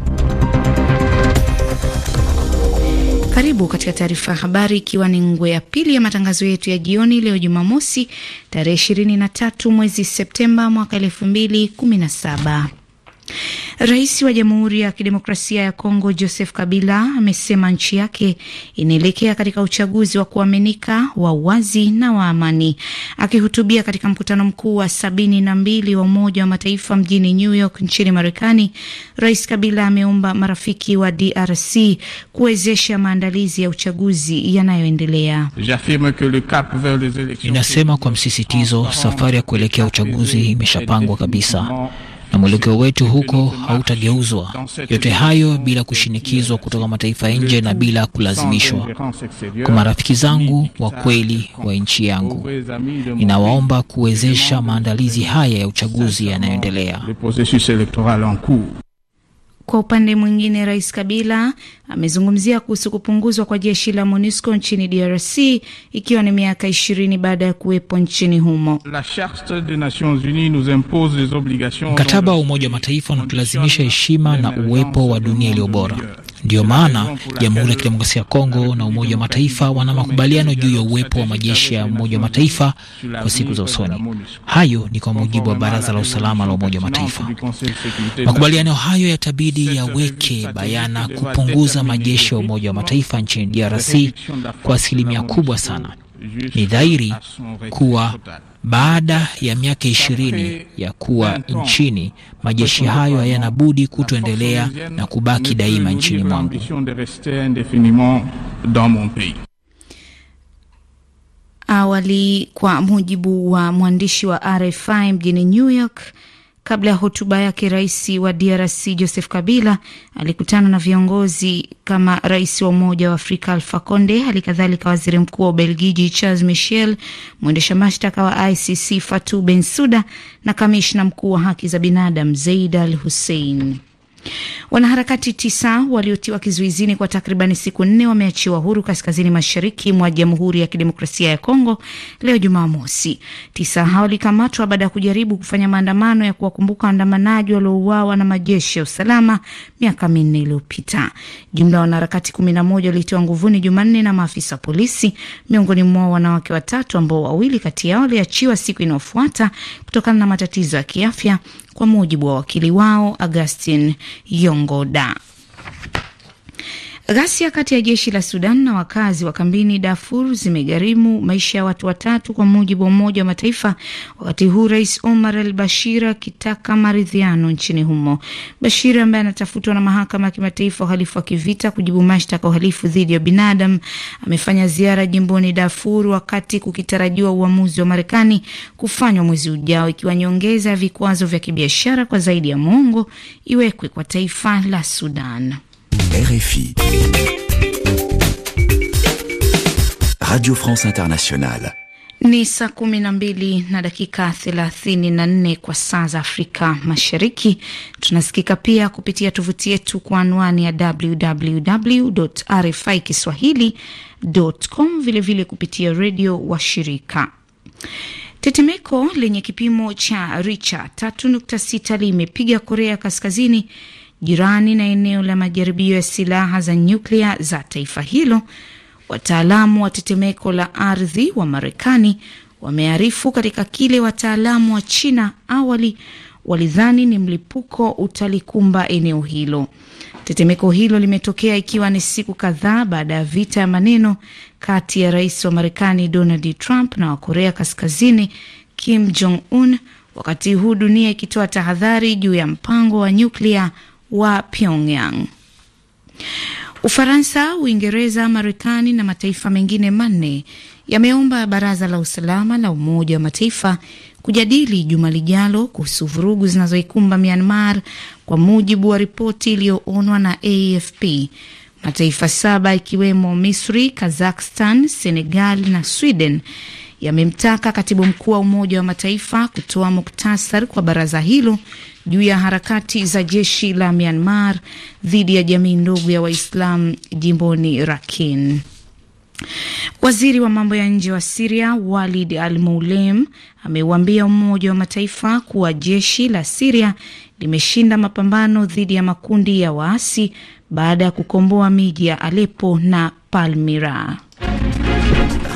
Karibu katika taarifa ya habari, ikiwa ni ngwe ya pili ya matangazo yetu ya jioni leo Jumamosi tarehe 23 mwezi Septemba mwaka 2017. Rais wa Jamhuri ya Kidemokrasia ya Kongo Joseph Kabila amesema nchi yake inaelekea katika uchaguzi wa kuaminika wa wazi na wa amani. Akihutubia katika mkutano mkuu wa sabini na mbili wa Umoja wa Mataifa mjini New York nchini Marekani, Rais Kabila ameomba marafiki wa DRC kuwezesha maandalizi ya uchaguzi yanayoendelea. Inasema kwa msisitizo, safari ya kuelekea uchaguzi imeshapangwa kabisa na mwelekeo wetu huko hautageuzwa. Yote hayo bila kushinikizwa kutoka mataifa nje na bila kulazimishwa. Kwa marafiki zangu wa kweli wa nchi yangu, ninawaomba kuwezesha maandalizi haya ya uchaguzi yanayoendelea. Kwa upande mwingine, Rais Kabila amezungumzia kuhusu kupunguzwa kwa jeshi la MONUSCO nchini DRC ikiwa ni miaka ishirini baada ya kuwepo nchini humo. Mkataba wa Umoja wa Mataifa unatulazimisha heshima na uwepo wa dunia iliyo bora. Ndiyo maana Jamhuri ya Kidemokrasia ya Kongo na Umoja wa Mataifa wana makubaliano juu ya uwepo wa majeshi ya Umoja wa Mataifa kwa siku za usoni. Hayo ni kwa mujibu wa Baraza la Usalama la Umoja wa Mataifa. Makubaliano hayo yatabidi yaweke bayana kupunguza majeshi ya Umoja wa Mataifa nchini DRC kwa asilimia kubwa sana ni dhahiri kuwa baada ya miaka ishirini ya kuwa nchini, majeshi hayo hayana budi kutoendelea na kubaki daima nchini mwangu. Awali, kwa mujibu wa mwandishi wa RFI mjini New York Kabla ya hotuba yake, rais wa DRC Joseph Kabila alikutana na viongozi kama rais wa Umoja wa Afrika Alpha Conde, hali kadhalika waziri mkuu wa Ubelgiji Charles Michel, mwendesha mashtaka wa ICC Fatou Bensouda na kamishna mkuu wa haki za binadamu Zeid Al Hussein. Wanaharakati tisa waliotiwa kizuizini kwa takribani siku nne wameachiwa huru kaskazini mashariki mwa Jamhuri ya Kidemokrasia ya Kongo leo Jumamosi. Tisa hao walikamatwa baada ya kujaribu kufanya maandamano ya kuwakumbuka waandamanaji waliouawa na majeshi ya usalama miaka minne iliyopita. Jumla ya wanaharakati kumi na moja walitiwa nguvuni Jumanne na maafisa polisi, miongoni mwao wanawake watatu ambao wawili kati yao waliachiwa siku inayofuata kutokana na matatizo ya kiafya, kwa mujibu wa wakili wao Augustin Yongoda. Ghasia kati ya jeshi la Sudan na wakazi wa kambini Darfur zimegharimu maisha ya watu watatu kwa mujibu wa Umoja wa Mataifa, wakati huu Rais Omar al Bashir akitaka maridhiano nchini humo. Bashir ambaye anatafutwa na mahakama ya kimataifa uhalifu wa kivita kujibu mashtaka uhalifu dhidi ya binadam amefanya ziara jimboni Darfur wakati kukitarajiwa uamuzi wa Marekani kufanywa mwezi ujao, ikiwa nyongeza ya vikwazo vya kibiashara kwa zaidi ya mwongo iwekwe kwa taifa la Sudan. RFI. Radio France Internationale. Ni saa kumi na mbili na dakika thelathini na nne kwa saa za Afrika Mashariki. Tunasikika pia kupitia tovuti yetu kwa anwani ya www RFI kiswahilicom, vilevile kupitia redio wa shirika. Tetemeko lenye kipimo cha Richa 3.6 limepiga Korea Kaskazini jirani na eneo la majaribio ya silaha za nyuklia za taifa hilo. Wataalamu wa tetemeko la ardhi wa Marekani wamearifu katika kile wataalamu wa China awali walidhani ni mlipuko utalikumba eneo hilo. Tetemeko hilo limetokea ikiwa ni siku kadhaa baada ya vita ya maneno kati ya rais wa Marekani Donald Trump na wa Korea Kaskazini Kim Jong Un, wakati huu dunia ikitoa tahadhari juu ya mpango wa nyuklia wa Pyongyang. Ufaransa, Uingereza, Marekani na mataifa mengine manne yameomba baraza la usalama la Umoja wa Mataifa kujadili juma lijalo kuhusu vurugu zinazoikumba Myanmar, kwa mujibu wa ripoti iliyoonwa na AFP. Mataifa saba ikiwemo Misri, Kazakhstan, Senegal na Sweden yamemtaka katibu mkuu wa Umoja wa Mataifa kutoa muktasar kwa baraza hilo juu ya harakati za jeshi la Myanmar dhidi ya jamii ndogo ya Waislamu jimboni Rakhine. Waziri wa mambo ya nje wa Siria Walid Al Moulem ameuambia Umoja wa Mataifa kuwa jeshi la Siria limeshinda mapambano dhidi ya makundi ya waasi baada ya kukomboa miji ya Alepo na Palmira.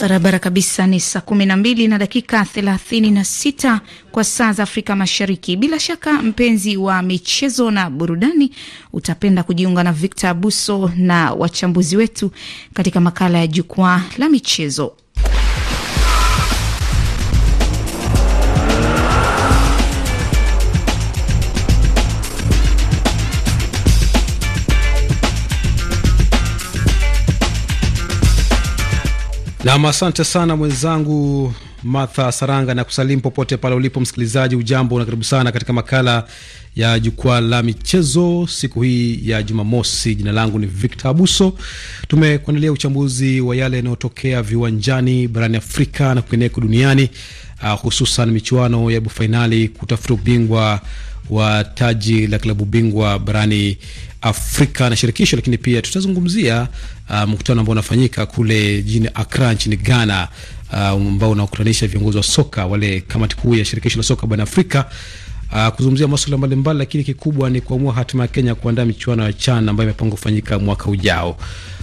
Barabara kabisa. Ni saa kumi na mbili na dakika thelathini na sita kwa saa za Afrika Mashariki. Bila shaka, mpenzi wa michezo na burudani, utapenda kujiunga na Victor Abuso na wachambuzi wetu katika makala ya jukwaa la michezo. Nam, asante sana mwenzangu Martha Saranga na kusalimu popote pale ulipo msikilizaji. Ujambo na karibu sana katika makala ya jukwaa la michezo siku hii ya Jumamosi. Jina langu ni Victor Abuso. Tumekuandalia uchambuzi wa yale yanayotokea viwanjani barani Afrika na kwingineko duniani, uh, hususan michuano ya bufainali fainali kutafuta ubingwa wa taji la klabu bingwa barani Afrika na shirikisho, lakini pia tutazungumzia uh, mkutano ambao unafanyika kule jijini Accra nchini Ghana uh, ambao uh, unakutanisha viongozi wa soka wale kamati kuu ya shirikisho la soka barani Afrika uh, kuzungumzia masuala mbalimbali, lakini kikubwa ni kuamua hatima ya Kenya kuandaa michuano ya CHAN ambayo imepangwa kufanyika mwaka ujao.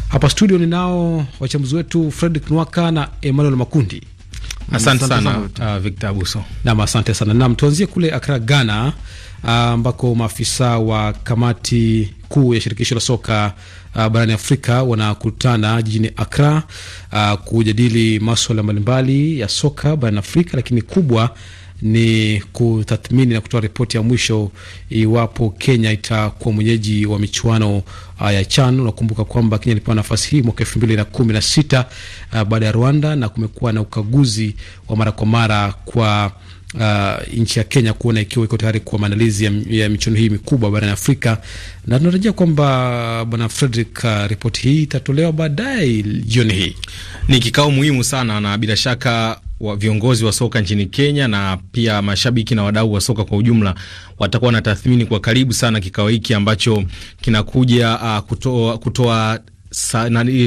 Hapa studio ninao wachambuzi wetu Fredrick Nwaka na Emmanuel Makundi. Asante sana, sana. Uh, Victor Abuso. Naam, asante sana. Naam, tuanzie kule Accra Ghana. Ah, ambako maafisa wa kamati kuu ya shirikisho la soka uh, barani Afrika wanakutana jijini Accra uh, kujadili maswala mbalimbali ya soka barani Afrika, lakini kubwa ni kutathmini na kutoa ripoti ya mwisho iwapo Kenya itakuwa mwenyeji wa michuano uh, ya CHAN. Unakumbuka kwamba Kenya ilipewa nafasi hii mwaka elfu mbili na kumi na sita uh, baada ya Rwanda, na kumekuwa na ukaguzi wa mara kwa mara kwa uh, nchi ya Kenya kuona ikiwa iko tayari kwa maandalizi ya, ya michuano hii mikubwa barani Afrika, na tunatarajia kwamba bwana Frederick, uh, ripoti hii itatolewa baadaye jioni hii. Ni kikao muhimu sana na bila shaka wa viongozi wa soka nchini Kenya na pia mashabiki na wadau wa soka kwa ujumla watakuwa na tathmini kwa karibu sana kikao hiki ambacho kinakuja uh, kutoa kutoa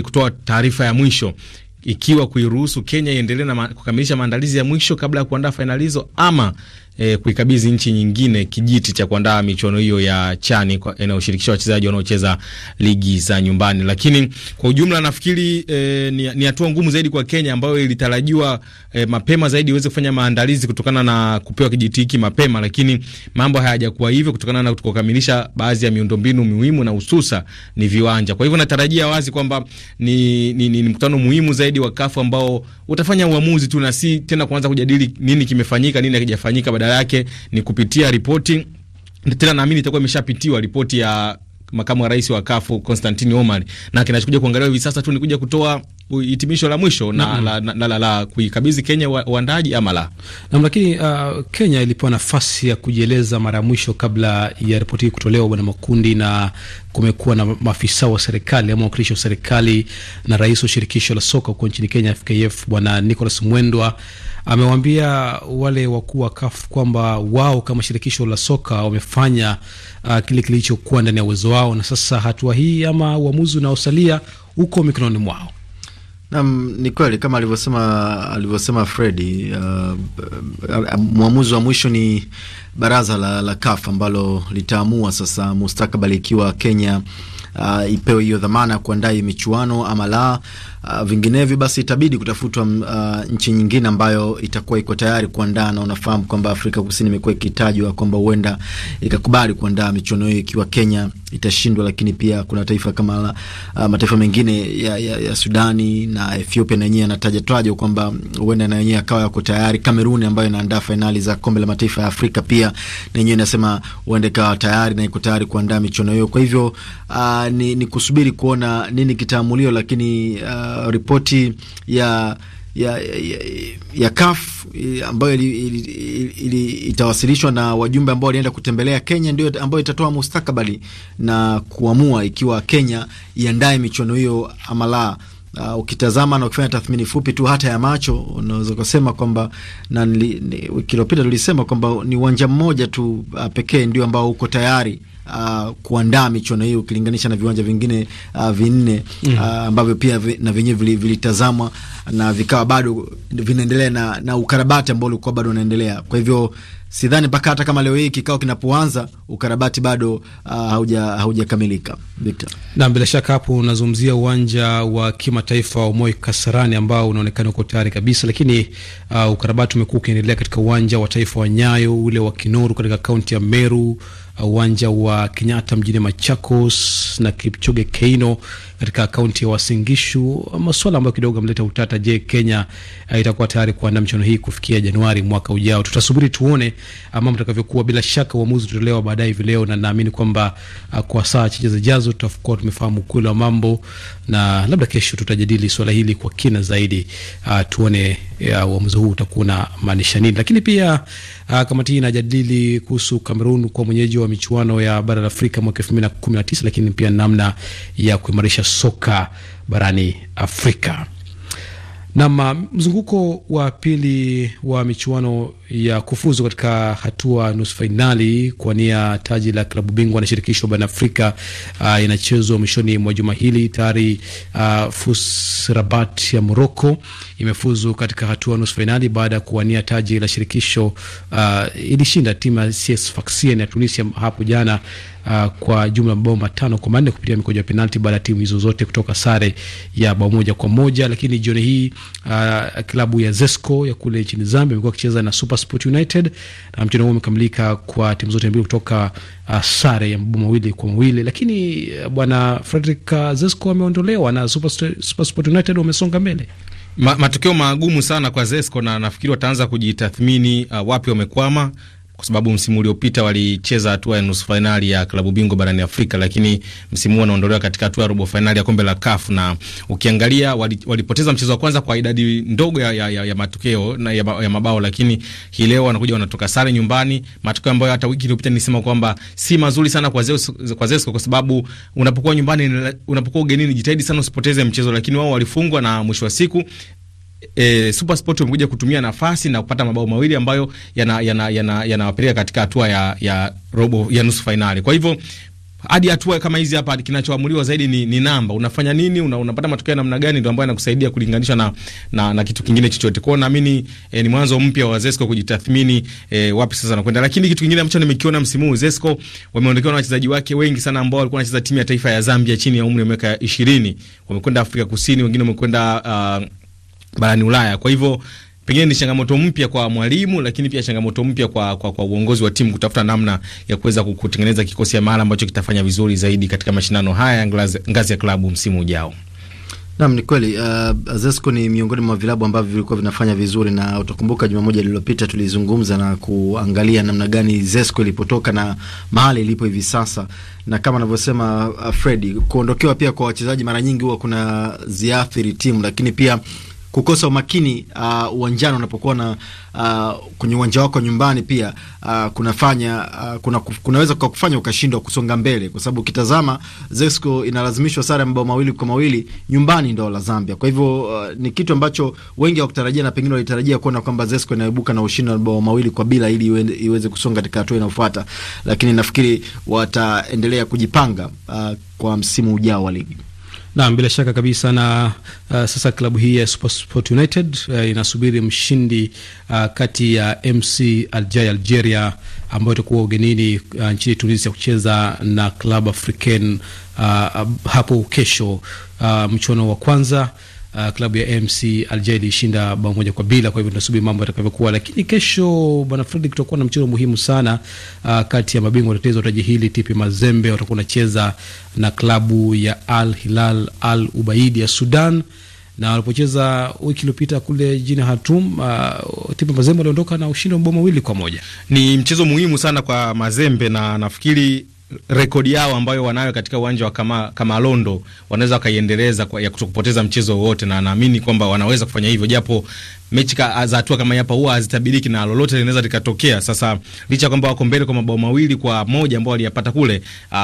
kutoa taarifa ya mwisho ikiwa kuiruhusu Kenya iendelee na ma, kukamilisha maandalizi ya mwisho kabla ya kuandaa fainali hizo ama e, kuikabidhi nchi nyingine kijiti cha kuandaa michuano hiyo ya chani inayoshirikisha wachezaji wanaocheza ligi za nyumbani. Lakini kwa ujumla nafikiri e, ni hatua ngumu zaidi kwa Kenya ambayo ilitarajiwa e, mapema zaidi iweze kufanya maandalizi kutokana na kupewa kijiti hiki mapema, lakini mambo hayajakuwa hivyo kutokana na kutokukamilisha baadhi ya miundombinu muhimu na hususa ni viwanja. Kwa hivyo natarajia wazi kwamba ni, ni, ni, ni mkutano muhimu zaidi wa kafu ambao utafanya uamuzi tu na si tena kuanza kujadili nini kimefanyika nini hakijafanyika baada yake ni kupitia ripoti tena, naamini itakuwa imeshapitiwa ripoti ya makamu wa rais wa Kafu Constantine Omar, na kinachokuja kuangaliwa hivi sasa tu ni kuja kutoa hitimisho la mwisho na, mm -hmm. la, la, la, la kuikabidhi Kenya uandaji ama la nam. Lakini uh, Kenya ilipewa nafasi ya kujieleza mara ya mwisho kabla ya ripoti hii kutolewa, Bwana Makundi, na kumekuwa na maafisa wa serikali ama wakilishi wa serikali na rais wa shirikisho la soka huko nchini Kenya FKF Bwana Nicholas Mwendwa amewaambia wale wakuu wa CAF kwamba wao kama shirikisho la soka wamefanya uh, kile kilichokuwa ndani ya uwezo wao, na sasa hatua hii ama uamuzi unaosalia uko mikononi mwao. Naam, ni kweli kama alivyosema alivyosema Fredi. Uh, mwamuzi wa mwisho ni baraza la, la CAF ambalo litaamua sasa mustakabali ikiwa Kenya uh, ipewe hiyo dhamana ya kuandaa michuano ama la. Ah, vinginevyo basi itabidi kutafutwa uh, nchi nyingine ambayo itakuwa iko tayari kuandaa, na unafahamu kwamba Afrika Kusini imekuwa ikitajwa kwamba huenda ikakubali kuandaa michuano hiyo ikiwa Kenya itashindwa, lakini pia kuna taifa kama la, uh, mataifa mengine ya, ya, ya Sudani na Ethiopia na yenyewe yanataja tajwa kwamba huenda na yenyewe akawa yako tayari. Kameruni ambayo inaandaa fainali za kombe la mataifa ya Afrika pia na yenyewe inasema huenda ikawa tayari na iko tayari kuandaa michuano hiyo. Kwa hivyo uh, ni, ni kusubiri kuona nini kitaamuliwa, lakini uh, ripoti ya ya, ya, ya CAF ambayo ili, ili, ili itawasilishwa na wajumbe ambao walienda kutembelea Kenya, ndio ambayo itatoa mustakabali na kuamua ikiwa Kenya iandae michuano hiyo ama la. Uh, ukitazama na ukifanya tathmini fupi tu hata ya macho unaweza kusema kwamba, na wiki iliyopita tulisema kwamba ni uwanja mmoja tu uh, pekee ndio ambao uko tayari uh, kuandaa michuano hiyo ukilinganisha na viwanja vingine uh, vinne mm. uh, ambavyo pia vi, na vyenyewe vilitazamwa na vikawa bado vinaendelea na, na ukarabati ambao ulikuwa bado unaendelea. Kwa hivyo sidhani mpaka hata kama leo hii kikao kinapoanza ukarabati bado uh, hauja haujakamilika. Victor, na bila shaka hapo unazungumzia uwanja wa kimataifa wa Moi Kasarani ambao unaonekana uko tayari kabisa, lakini uh, ukarabati umekuwa ukiendelea katika uwanja wa taifa wa Nyayo, ule wa Kinoru katika kaunti ya Meru Uh, uwanja wa Kenyatta mjini Machakos na Kipchoge Keino katika kaunti ya Wasingishu, uh, masuala ambayo kidogo ameleta utata. Je, Kenya uh, itakuwa tayari kuandaa michuano hii kufikia Januari mwaka ujao? Tutasubiri tuone mambo takavyokuwa. Bila shaka uamuzi utatolewa baadaye hivi leo, na naamini kwamba kwa saa chache zijazo tutakuwa tumefahamu ukweli wa mambo, na labda kesho tutajadili swala hili kwa kina zaidi. Uh, tuone uamuzi huu utakuwa unamaanisha nini, lakini pia uh, kamati hii inajadili kuhusu Kamerun kwa mwenyeji wa michuano ya bara la Afrika mwaka tisa lakini pia namna ya kuimarisha soka barani Afrika. Nam, mzunguko wa pili wa michuano ya kufuzu katika hatua nusu fainali kuwania taji la klabu bingwa na shirikisho barani Afrika uh, inachezwa mwishoni mwa juma hili. Tayari uh, FUS Rabat ya Moroko imefuzu katika hatua nusu fainali baada ya kuwania taji la shirikisho. Uh, ilishinda timu ya CS Sfaxien ya Tunisia hapo jana Uh, kwa jumla mabao matano kwa manne kupitia mikojo ya penalti baada ya timu hizo zote kutoka sare ya bao moja kwa moja. Lakini jioni hii uh, klabu ya Zesco ya kule nchini Zambia imekuwa ikicheza na Super Sport United na mchezo huo umekamilika kwa timu zote mbili kutoka uh, sare ya mabao mawili kwa mawili, lakini uh, bwana Frederick Zesco ameondolewa na Super, Super Sport United wamesonga mbele. Ma, matokeo magumu sana kwa Zesco na nafikiri wataanza kujitathmini uh, wapi wamekwama kwa sababu msimu uliopita walicheza hatua ya nusu fainali ya klabu bingwa barani Afrika, lakini msimu huu wanaondolewa katika hatua ya robo fainali ya kombe la CAF, na ukiangalia walipoteza wali mchezo wa kwanza kwa idadi ndogo ya, ya, ya ya matokeo na ya, ya mabao, lakini hii leo wanakuja wanatoka sare nyumbani, matokeo ambayo hata wiki iliyopita nilisema kwamba si mazuri sana kwa Zesco, kwa Zesco kwa sababu unapokuwa nyumbani, unapokuwa ugenini, jitahidi sana usipoteze mchezo, lakini wao walifungwa na mwisho wa siku e, SuperSport wamekuja kutumia nafasi na kupata mabao mawili ambayo yanawapeleka yana, yana, yana katika hatua ya, ya robo ya nusu fainali. Kwa hivyo hadi hatua kama hizi hapa, kinachoamuliwa zaidi ni, ni namba. Unafanya nini? Una, unapata matokeo namna gani? Ndio ambayo yanakusaidia kulinganisha na, na, na kitu kingine chochote. Kwao naamini e, ni mwanzo mpya wa Zesco kujitathmini e, wapi sasa nakwenda. Lakini kitu kingine ambacho nimekiona msimu huu, Zesco wameondokewa na wachezaji wake wengi sana ambao walikuwa wanacheza timu ya taifa ya Zambia chini ya umri wa miaka 20. Wamekwenda Afrika Kusini, wengine wamekwenda uh, barani Ulaya. Kwa hivyo pengine ni changamoto mpya kwa mwalimu, lakini pia changamoto mpya kwa, kwa, kwa uongozi wa timu kutafuta namna ya kuweza kutengeneza kikosi imara ambacho kitafanya vizuri zaidi katika mashindano haya ngazi ya klabu msimu ujao. Naam, ni kweli uh, Zesco ni miongoni mwa vilabu ambavyo vilikuwa vinafanya vizuri, na utakumbuka juma moja lililopita tulizungumza na kuangalia namna gani Zesco ilipotoka na mahali ilipo hivi sasa, na kama anavyosema uh, Fredi, kuondokewa pia kwa wachezaji mara nyingi huwa kuna ziathiri timu, lakini pia kukosa umakini uh, uwanjani unapokuwa na uh, kwenye uwanja wako nyumbani pia uh, kunafanya uh, kuna, kunaweza kwa kufanya ukashindwa kusonga mbele, kwa sababu ukitazama Zesco inalazimishwa sare mabao mawili kwa mawili nyumbani ndio la Zambia. Kwa hivyo uh, ni kitu ambacho wengi hawakutarajia na pengine walitarajia kuona kwamba Zesco inaibuka na ushindi wa mabao mawili kwa bila ili iweze kusonga katika hatua inayofuata, lakini nafikiri wataendelea kujipanga uh, kwa msimu ujao wa ligi. Naam, bila shaka kabisa na uh, sasa klabu hii ya Sport United uh, inasubiri mshindi uh, kati ya MC Alger Algeria ambayo itakuwa ugenini uh, nchini Tunisia kucheza na Club african uh, hapo kesho uh, mchuano wa kwanza uh, klabu ya MC Alger ilishinda bao moja kwa bila. Kwa hivyo tunasubiri mambo yatakavyokuwa, lakini kesho, bwana Fredi, kutakuwa na mchezo muhimu sana uh, kati ya mabingwa watetezi wa taji hili TP Mazembe watakuwa wanacheza na klabu ya Al Hilal Al Ubaidi ya Sudan na walipocheza wiki iliyopita kule jijini Hatum, uh, ah, timu Mazembe waliondoka na ushindi wa mabao mawili kwa moja. Ni mchezo muhimu sana kwa Mazembe na nafikiri rekodi yao ambayo wanayo katika uwanja wa kama, Kamalondo wanaweza wakaiendeleza ya kutopoteza mchezo wowote, na naamini kwamba wanaweza kufanya hivyo, japo mechi za hatua kama hapa huwa hazitabiriki na lolote linaweza likatokea. Sasa licha kwamba wako mbele kwa mabao mawili kwa moja ambao waliyapata kule, uh,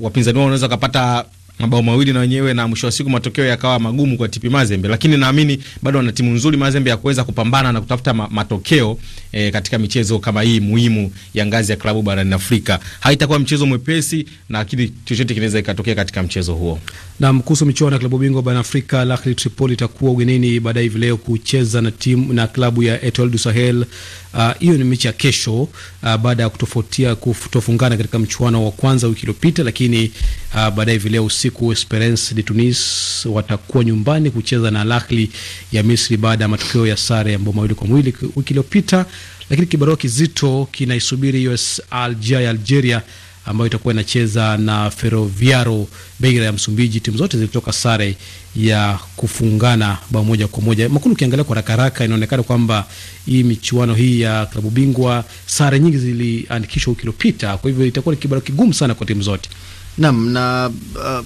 wapinzani wao wanaweza wakapata mabao mawili na wenyewe, na mwisho wa siku matokeo yakawa magumu kwa TP Mazembe, lakini naamini bado wana timu nzuri Mazembe ya kuweza kupambana na kutafuta ma matokeo e, katika michezo kama hii muhimu ya ngazi ya klabu barani Afrika. Haitakuwa mchezo mwepesi, na chochote kinaweza ikatokea katika mchezo huo. Na mkuso michuano ya klabu bingwa barani Afrika, Al Tripoli itakuwa ugenini baadaye hivi leo kucheza na timu na klabu ya Etoile du Sahel Ah, hiyo uh, ni mechi ya kesho uh, baada ya kutofautia kutofungana katika mchuano wa kwanza wiki iliyopita, lakini uh, baadaye vile usiku Esperance de Tunis watakuwa nyumbani kucheza na Al Ahly ya Misri baada ya matokeo ya sare ya mabao mawili kwa mawili wiki iliyopita, lakini kibarua kizito kinaisubiri US Alger ya Algeria ambayo itakuwa inacheza na Ferroviaro Beira ya Msumbiji. Timu zote zilitoka sare ya kufungana bao moja kwa moja. Makundi ukiangalia kwa rakaraka inaonekana kwamba hii michuano hii ya klabu bingwa sare nyingi ziliandikishwa wiki iliyopita, kwa hivyo itakuwa ni kibaro kigumu sana kwa timu zote. Naam, na uh,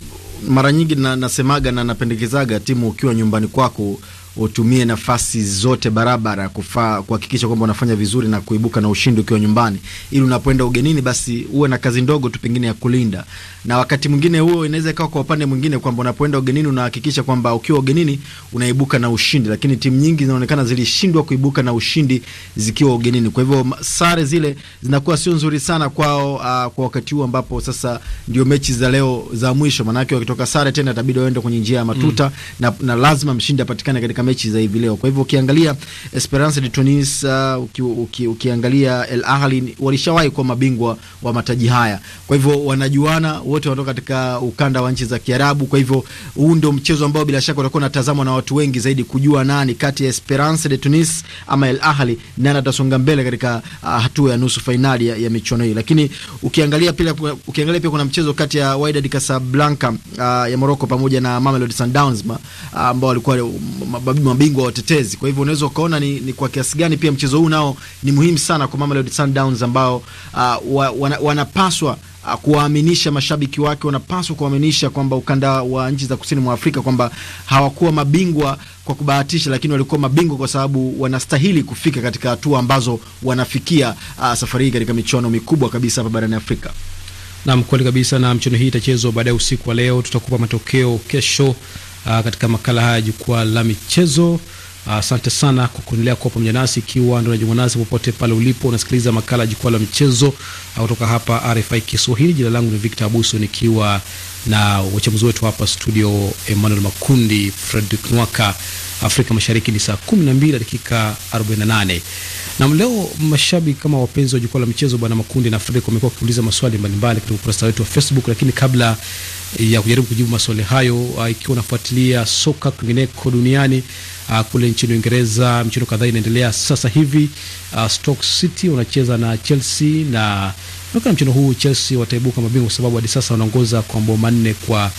mara nyingi na, nasemaga na napendekezaga timu ukiwa nyumbani kwako utumie nafasi zote barabara kufaa kuhakikisha kwamba unafanya vizuri na kuibuka na ushindi ukiwa nyumbani, ili unapoenda ugenini, basi uwe na kazi ndogo tu pengine ya kulinda. Na wakati mwingine huo inaweza ikawa kwa upande mwingine kwamba unapoenda ugenini unahakikisha kwamba ukiwa ugenini unaibuka na ushindi, lakini timu nyingi zinaonekana zilishindwa kuibuka na ushindi zikiwa ugenini. Kwa hivyo sare zile zinakuwa sio nzuri sana kwao, uh, kwa wakati huu ambapo sasa ndio mechi za leo za mwisho, maanake wakitoka sare tena itabidi waende kwenye njia ya matuta mm. na, na lazima mshindi apatikane katika mechi za hivi leo. Kwa hivyo ukiangalia Esperance de Tunis uh, uki, uki, ukiangalia El Ahli walishawahi kuwa mabingwa wa mataji haya, kwa hivyo wanajuana wote, wanatoka katika ukanda wa nchi za Kiarabu. Kwa hivyo huu ndio mchezo ambao bila shaka utakuwa unatazamwa na watu wengi zaidi kujua nani kati ya Esperance de Tunis ama El Ahli, nani atasonga mbele katika uh, hatua ya nusu fainali ya, ya michuano hii. Lakini ukiangalia pia ukiangalia pia kuna mchezo kati ya Wydad Casablanca uh, ya Morocco pamoja na Mamelodi Sundowns uh, ambao uh, walikuwa um, ni mabingwa watetezi. Kwa hivyo unaweza ukaona ni, ni kwa kiasi gani pia mchezo huu nao ni muhimu sana kwa Mamelodi Sundowns ambao uh, wanapaswa wana uh, kuwaaminisha mashabiki wake, wanapaswa kuwaaminisha kwamba ukanda wa nchi za kusini mwa Afrika kwamba hawakuwa mabingwa kwa kubahatisha, lakini walikuwa mabingwa kwa sababu wanastahili kufika katika hatua ambazo wanafikia uh, safari hii katika michuano mikubwa kabisa hapa barani Afrika. Naam, kweli kabisa, na mchuano hii itachezwa baadaye usiku wa leo, tutakupa matokeo kesho uh, katika makala haya jukwaa la michezo. Ah, asante uh, sana kwa kuendelea kuwa pamoja nasi, ikiwa ndo unajiunga nasi popote pale ulipo unasikiliza makala ya jukwaa la michezo uh, kutoka hapa RFI Kiswahili. Jina langu ni Victor Abuso nikiwa na wachambuzi wetu hapa studio Emmanuel Makundi, Fredrick Nwaka. Afrika Mashariki ni saa kumi na mbili na dakika 48. Na leo mashabiki kama wapenzi wa jukwaa la michezo, bwana Makundi na Fredrick wamekuwa wakiuliza maswali mbalimbali katika ukurasa wetu wa Facebook, lakini kabla Eh, ya kujaribu kujibu maswali hayo, Uh, ikiwa unafuatilia soka kwingineko duniani uh, kule nchini Uingereza mchezo kadhaa inaendelea sasa hivi. Uh, Stoke City wanacheza na Chelsea na nakana mchezo huu Chelsea wataibuka mabingwa sababu hadi sasa wanaongoza kwa mabao manne kwa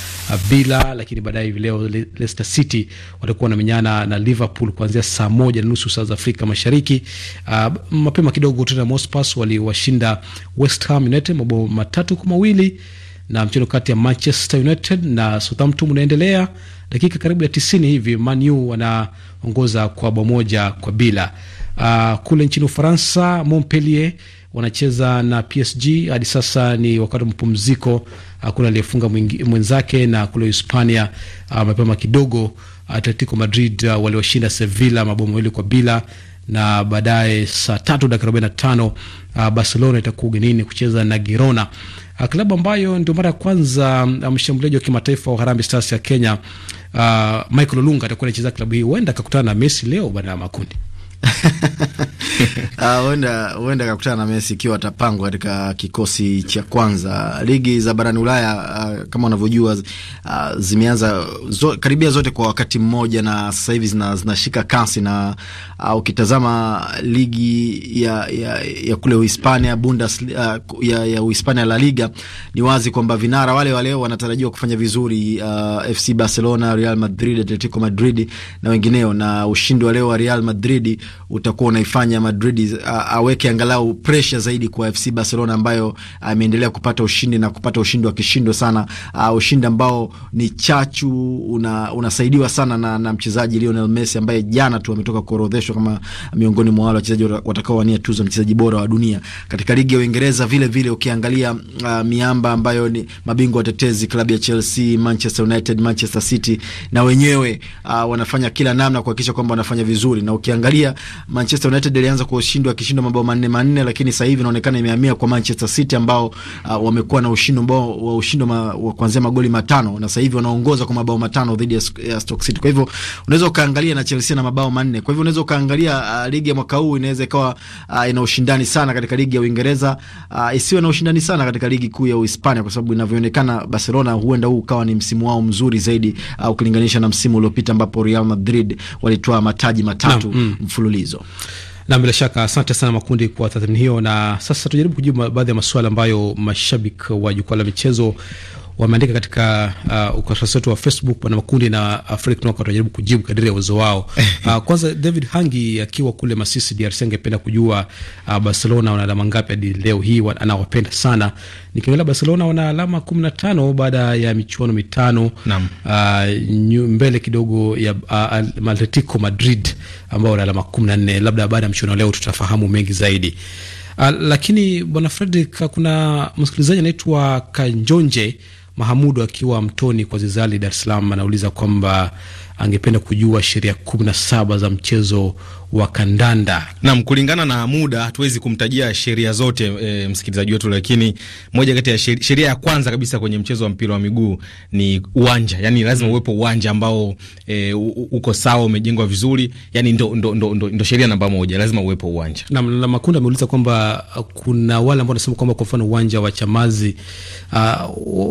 bila, lakini baadaye hivi leo Leicester City watakuwa wanamenyana na Liverpool kuanzia saa moja na nusu saa za Afrika Mashariki. Uh, mapema kidogo Tottenham Hotspur waliwashinda West Ham United mabao matatu kwa mawili na mchezo kati ya Manchester United na Southampton unaendelea dakika karibu ya tisini hivi, Man U wanaongoza kwa bao moja kwa bila. Uh, kule nchini Ufaransa Montpellier wanacheza na PSG hadi sasa ni wakati wa mapumziko. Hakuna aliyefunga mwenzake. Na kule Hispania ah, mapema kidogo Atletico Madrid uh, waliwashinda Sevilla mabao mawili kwa bila na baadaye saa tatu dakika arobaini na tano uh, Barcelona itakuwa ugenini kucheza na Girona, uh, klabu ambayo ndio mara ya kwanza um, mshambuliaji wa kimataifa wa Harambee Stars ya Kenya uh, Michael Olunga atakuwa anacheza klabu hii, huenda akakutana na Messi leo baada ya makundi Ah, huenda kakutana akakutana na Messi ikiwa atapangwa katika kikosi cha kwanza. Ligi za barani Ulaya uh, kama unavyojua uh, zimeanza zo, karibia zote kwa wakati mmoja, na sasa hivi zinashika kasi na uh, ukitazama ligi ya, ya, ya kule Uhispania Bundes uh, ya, ya Uhispania La Liga, ni wazi kwamba vinara wale wale wanatarajiwa kufanya vizuri uh, FC Barcelona, Real Madrid, Atletico Madrid na wengineo, na ushindi wa leo wa Real Madrid utakuwa unaifanya Madrid uh, aweke angalau pressure zaidi kwa FC Barcelona ambayo ameendelea uh, kupata ushindi na kupata ushindi wa kishindo sana, uh, ushindi ambao ni chachu, una, unasaidiwa sana na, na mchezaji Lionel Messi ambaye jana tu ametoka kuorodheshwa kama miongoni mwa wale wachezaji watakaowania tuzo mchezaji bora wa dunia katika ligi ya Uingereza. Vile vile ukiangalia uh, miamba ambayo ni mabingwa watetezi klabu ya Chelsea, Manchester United, Manchester City na wenyewe uh, wanafanya kila namna kuhakikisha kwamba wanafanya vizuri na ukiangalia Manchester United ilianza kwa ushindi akishindwa mabao manne manne, lakini sasa hivi inaonekana imehamia kwa Manchester City ambao uh, wamekuwa na ushindi ambao wa ushindi ma, wa kuanzia magoli matano na sasa hivi wanaongoza kwa mabao matano dhidi ya, ya Stoke City. Kwa hivyo unaweza ukaangalia na Chelsea na mabao manne. Kwa hivyo unaweza ukaangalia uh, ligi ya mwaka huu inaweza ikawa uh, ina ushindani sana katika ligi ya Uingereza uh, isiwe na ushindani sana katika ligi kuu ya Uhispania kwa sababu inavyoonekana Barcelona huenda huu ukawa ni msimu wao mzuri zaidi uh, ukilinganisha na msimu uliopita ambapo Real Madrid walitoa mataji matatu no, mm. mfululizo mfululizo. Na bila shaka asante sana Makundi kwa tathmini hiyo, na sasa tujaribu kujibu baadhi ya masuala ambayo mashabiki wa jukwaa la michezo wameandika katika uh, ukurasa wetu wa Facebook bwana Makundi na Afrika Knock watajaribu kujibu kadiri ya uwezo wao. Eh. Uh, kwanza David Hangi akiwa kule Masisi DRC angependa kujua uh, Barcelona wana alama ngapi hadi leo hii? Anawapenda sana. Nikiangalia Barcelona wana alama kumi na tano baada ya michuano mitano. Uh, mbele kidogo ya uh, Atletico Madrid ambao wana alama kumi na nne. Labda baada ya mchuano leo tutafahamu mengi zaidi. Uh, lakini bwana Fredrick, kuna msikilizaji anaitwa Kanjonje Mahamudu akiwa mtoni kwa Zizali, Dar es Salaam, anauliza kwamba angependa kujua sheria kumi na saba za mchezo wa kandanda. Naam, kulingana na muda hatuwezi kumtajia sheria zote e, msikilizaji wetu, lakini moja kati ya sheria ya kwanza kabisa kwenye mchezo wa mpira wa miguu ni uwanja, yani lazima mm. uwepo uwanja ambao e, uko sawa, umejengwa vizuri, yani ndo, ndo, ndo, ndo, ndo sheria namba moja, lazima uwepo uwanja. Naam, na Makunda ameuliza kwamba uh, kuna wale ambao wanasema kwamba kwa mfano uwanja wa Chamazi uh,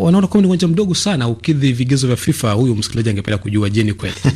wanaona kwamba ni uwanja mdogo sana ukidhi vigezo vya FIFA. Huyu msikilizaji angependa kujua, je, ni kweli?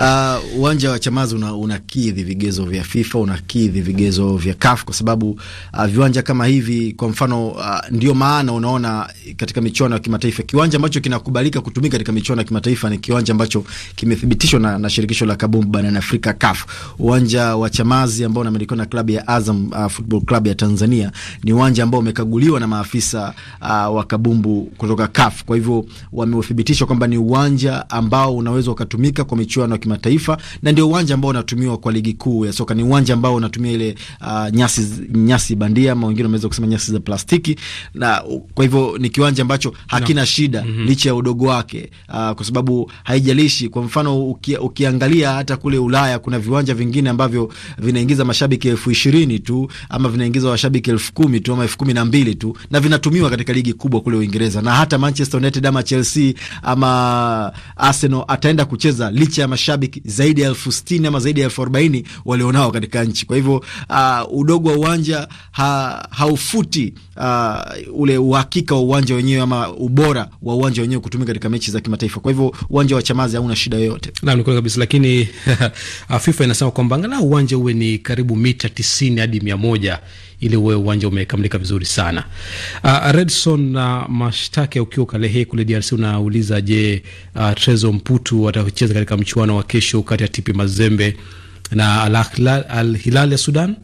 Ah, uwanja uh, wa Chamazi una, unakidhi vigezo vya FIFA, unakidhi vigezo vya CAF kwa sababu uh, viwanja kama hivi kwa mfano uh, ndio maana unaona katika michuano ya kimataifa kiwanja ambacho kinakubalika kutumika katika michuano ya kimataifa ni kiwanja ambacho kimethibitishwa na, na shirikisho la kabumbu barani Afrika CAF. Uwanja wa Chamazi ambao unamilikiwa na klabu ya Azam uh, Football Club ya Tanzania ni uwanja ambao umekaguliwa na maafisa uh, wa kabumbu kutoka CAF, kwa hivyo wameuthibitisha kwamba ni uwanja ambao unaweza ukatumika kwa michuano ya kimataifa, na ndio uwanja ambao unatumiwa kwa ligi kuu ya soka. Ni uwanja ambao unatumia ile uh, nyasi nyasi bandia, ama wengine wameweza kusema nyasi za plastiki, na kwa hivyo ni kiwanja ambacho hakina no. shida mm -hmm. licha ya udogo wake uh, kwa sababu haijalishi. Kwa mfano uki, ukiangalia hata kule Ulaya kuna viwanja vingine ambavyo vinaingiza mashabiki elfu ishirini tu ama vinaingiza washabiki elfu kumi tu ama elfu kumi na mbili tu na vinatumiwa katika ligi kubwa kule Uingereza, na hata Manchester United ama Chelsea ama Arsenal ataenda kucheza licha ya mashabiki zaidi ya elfu sitini ama zaidi ya elfu arobaini walionao katika nchi. Kwa hivyo uh, udogo wa uwanja ha, haufuti uh, ule uhakika wa uwanja wenyewe ama ubora wa uwanja wenyewe kutumika katika mechi za kimataifa. Kwa hivyo uwanja wa Chamazi hauna shida yoyote. Naam, ni kweli kabisa, lakini FIFA inasema kwamba angalau uwanja uwe ni karibu mita tisini hadi mia moja ili uwe uwanja umekamilika vizuri sana. Uh, Redson na uh, mashtaka ukiwa ukiuka kule DRC unauliza, je, uh, Trezo Mputu atacheza katika mchuano wa kesho kati ya Tipi Mazembe na Al Hilal ya Sudan?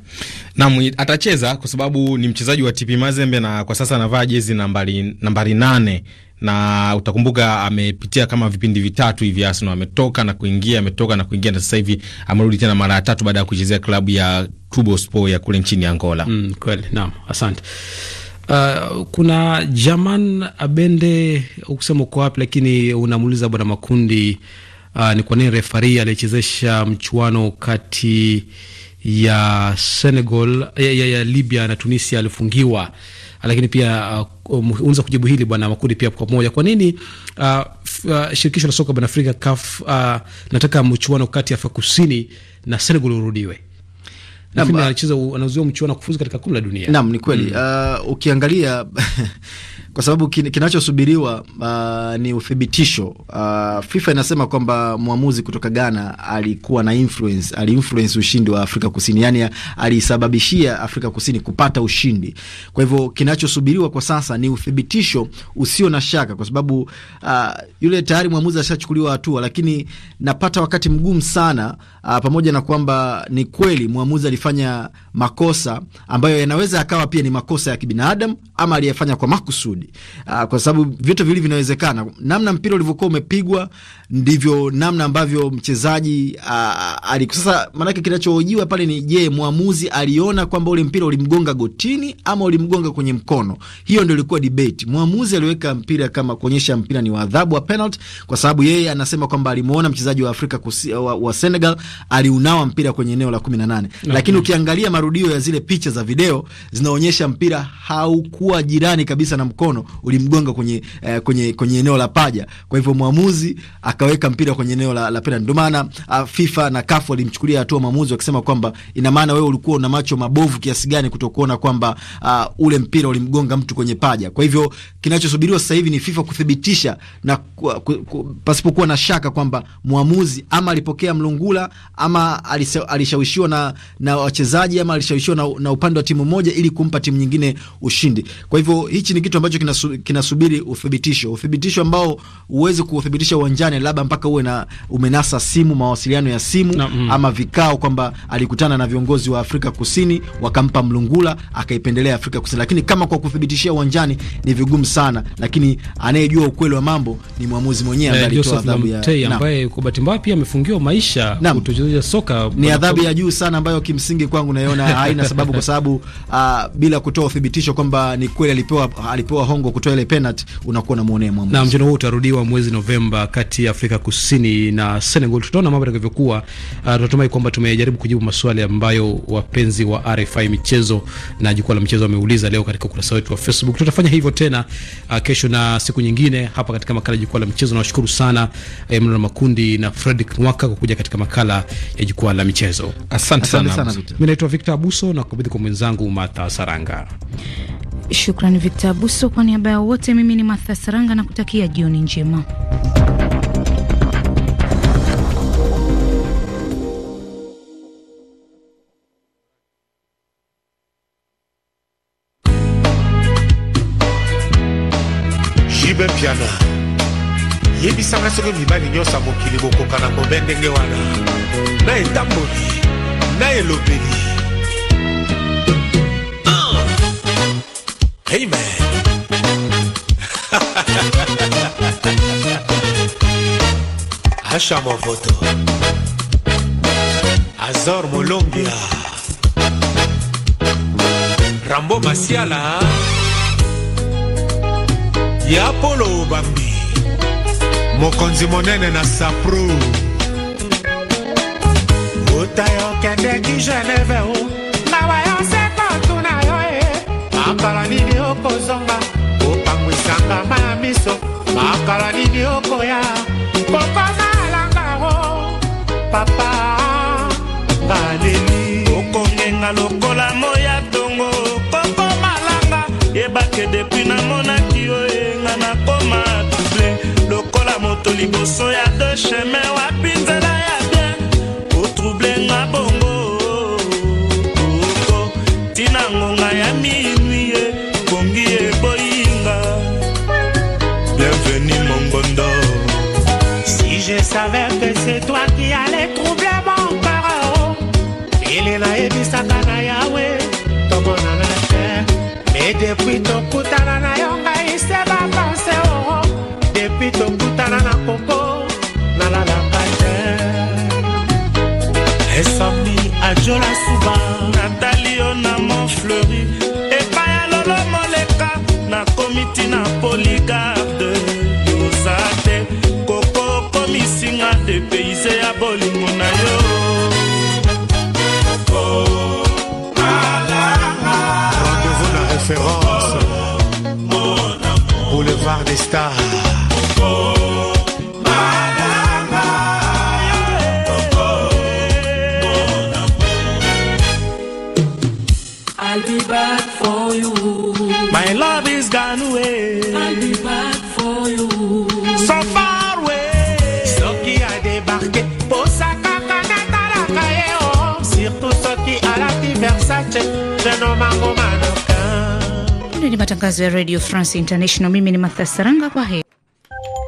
Naam, atacheza kwa sababu ni mchezaji wa TP Mazembe na kwa sasa anavaa jezi nambari nambari nane na utakumbuka amepitia kama vipindi vitatu hivi Arsenal, ametoka na kuingia, ametoka na kuingia, na sasa hivi amerudi tena mara ya tatu baada ya kuchezea klabu ya Tubospo ya kule nchini Angola. Mm, kweli naam, asante. Uh, kuna Jaman Abende, ukusema uko wapi, lakini unamuuliza bwana Makundi, uh, ni kwa nini refari alichezesha mchuano kati ya Senegal ya, ya, ya Libya na Tunisia alifungiwa? lakini pia uh, um, unza kujibu hili bwana Makundi pia kwa moja kwa nini uh, uh, shirikisho la soka bwana Afrika CAF uh, nataka mchuano kati ya Afrika Kusini na Senegal urudiwe? Uh, anacheza anazuia mchuano kufuzu katika kombe la dunia. Naam, ni kweli mm. Uh, ukiangalia kwa sababu kin, kinachosubiriwa uh, ni uthibitisho uh, FIFA inasema kwamba mwamuzi kutoka Ghana alikuwa na influence, aliinfluence ushindi wa Afrika Kusini, yani alisababishia Afrika Kusini kupata ushindi. Kwa hivyo kinachosubiriwa kwa sasa ni uthibitisho usio na shaka, kwa sababu uh, yule tayari mwamuzi ashachukuliwa hatua, lakini napata wakati mgumu sana uh, pamoja na kwamba ni kweli mwamuzi alifanya makosa ambayo yanaweza yakawa pia ni makosa ya kibinadamu ama aliyefanya kwa makusudi. Aa, ah, kwa sababu vitu viwili vinawezekana. Namna mpira ulivyokuwa umepigwa ndivyo namna ambavyo mchezaji ah, alikuwa. Sasa maanake kinachohojiwa pale ni je, mwamuzi aliona kwamba ule mpira ulimgonga gotini ama ulimgonga kwenye mkono? Hiyo ndio ilikuwa debate. Mwamuzi aliweka mpira kama kuonyesha mpira ni wa adhabu wa penalty, kwa sababu yeye anasema kwamba alimuona mchezaji wa Afrika kusi, wa, wa Senegal aliunawa mpira kwenye eneo la 18 lakini ukiangalia marudio ya zile picha za video zinaonyesha mpira haukuwa jirani kabisa na mkono, ulimgonga kwenye, eh, kwenye, kwenye eneo la paja. Kwa hivyo mwamuzi akaweka mpira kwenye eneo la, la pena. Ndio maana ah, FIFA na CAF walimchukulia hatua mwamuzi wakisema kwamba ina maana wewe ulikuwa una macho mabovu kiasi gani kutokuona kwamba uh, ule mpira ulimgonga mtu kwenye paja. Kwa hivyo kinachosubiriwa sasa hivi ni FIFA kuthibitisha na ku, ku, ku, pasipokuwa na shaka kwamba mwamuzi ama alipokea mlungula ama alishawishiwa na, na wachezaji ama alishawishiwa na, na upande wa timu moja ili kumpa timu nyingine ushindi. Kwa hivyo hichi ni kitu ambacho kinasu, kinasubiri uthibitisho, uthibitisho ambao huwezi kuuthibitisha uwanjani, labda mpaka uwe na umenasa simu, mawasiliano ya simu na, mm, ama vikao kwamba alikutana na viongozi wa Afrika Kusini wakampa mlungula akaipendelea Afrika Kusini, lakini kama kwa kuthibitishia uwanjani ni vigumu sana, lakini anayejua ukweli wa mambo ni mwamuzi mwenyewe eh, ambaye alitoa adhabu ya ambaye kwa bahati mbaya pia amefungiwa maisha kutocheza soka. Ni adhabu ya juu sana ambayo kimsingi kwangu naiona haina, haina sababu kwa sababu uh, bila kutoa uthibitisho kwamba ni kweli alipewa, alipewa hongo kutoa ile penalty, unakuwa unamwonea mwamuzi. Na mchezo huu utarudiwa mwezi Novemba kati ya Afrika Kusini na Senegal. Tutaona mambo yatakavyokuwa. Uh, tunatumai kwamba tumejaribu kujibu maswali ambayo wapenzi wa RFI michezo na jukwaa la michezo wameuliza leo katika ukurasa wetu wa Facebook. Tutafanya hivyo tena uh, kesho na siku nyingine hapa katika makala ya jukwaa la michezo. Nawashukuru sana eh, Mnara Makundi na Fredrick Mwaka kwa kuja katika makala ya jukwaa la michezo. Asante, asante sana. Mimi naitwa Victor Victor Abuso na kukabidhi kwa mwenzangu Martha Saranga. Shukrani Victor Abuso. Kwa niaba ya wote, mimi ni Martha Saranga na kutakia jioni njema. Jibe piana yebisanga soki mibali nyonso ya mokili bokoka na kobendenge wana na etamboli na elobeli Hey man. Asha Movoto. Azor Molombia. Rambo Masiala. Ya Apollo Bambi. Mokonzi monene na Sapro. Ota yo kendeki Geneve o. bibi okoya okosalangaro papa ngaleli okongenga lokola moya tongo kokomalanga yebake depui namonaki yo enga nakoma duble lokola moto liboso ya de chemin wapi nzela depuis tokutana na yo ngai se bapense oo depuis tokutana na koko nalalaka te esami ajola suba natali yo na mont fleuri epai ya lolo moleka nakomi ntina poligarde yoza te koko komisinga depeize ya bolingo na yo matangazo ya Radio France International. Mimi ni Martha Saranga, kwa heri.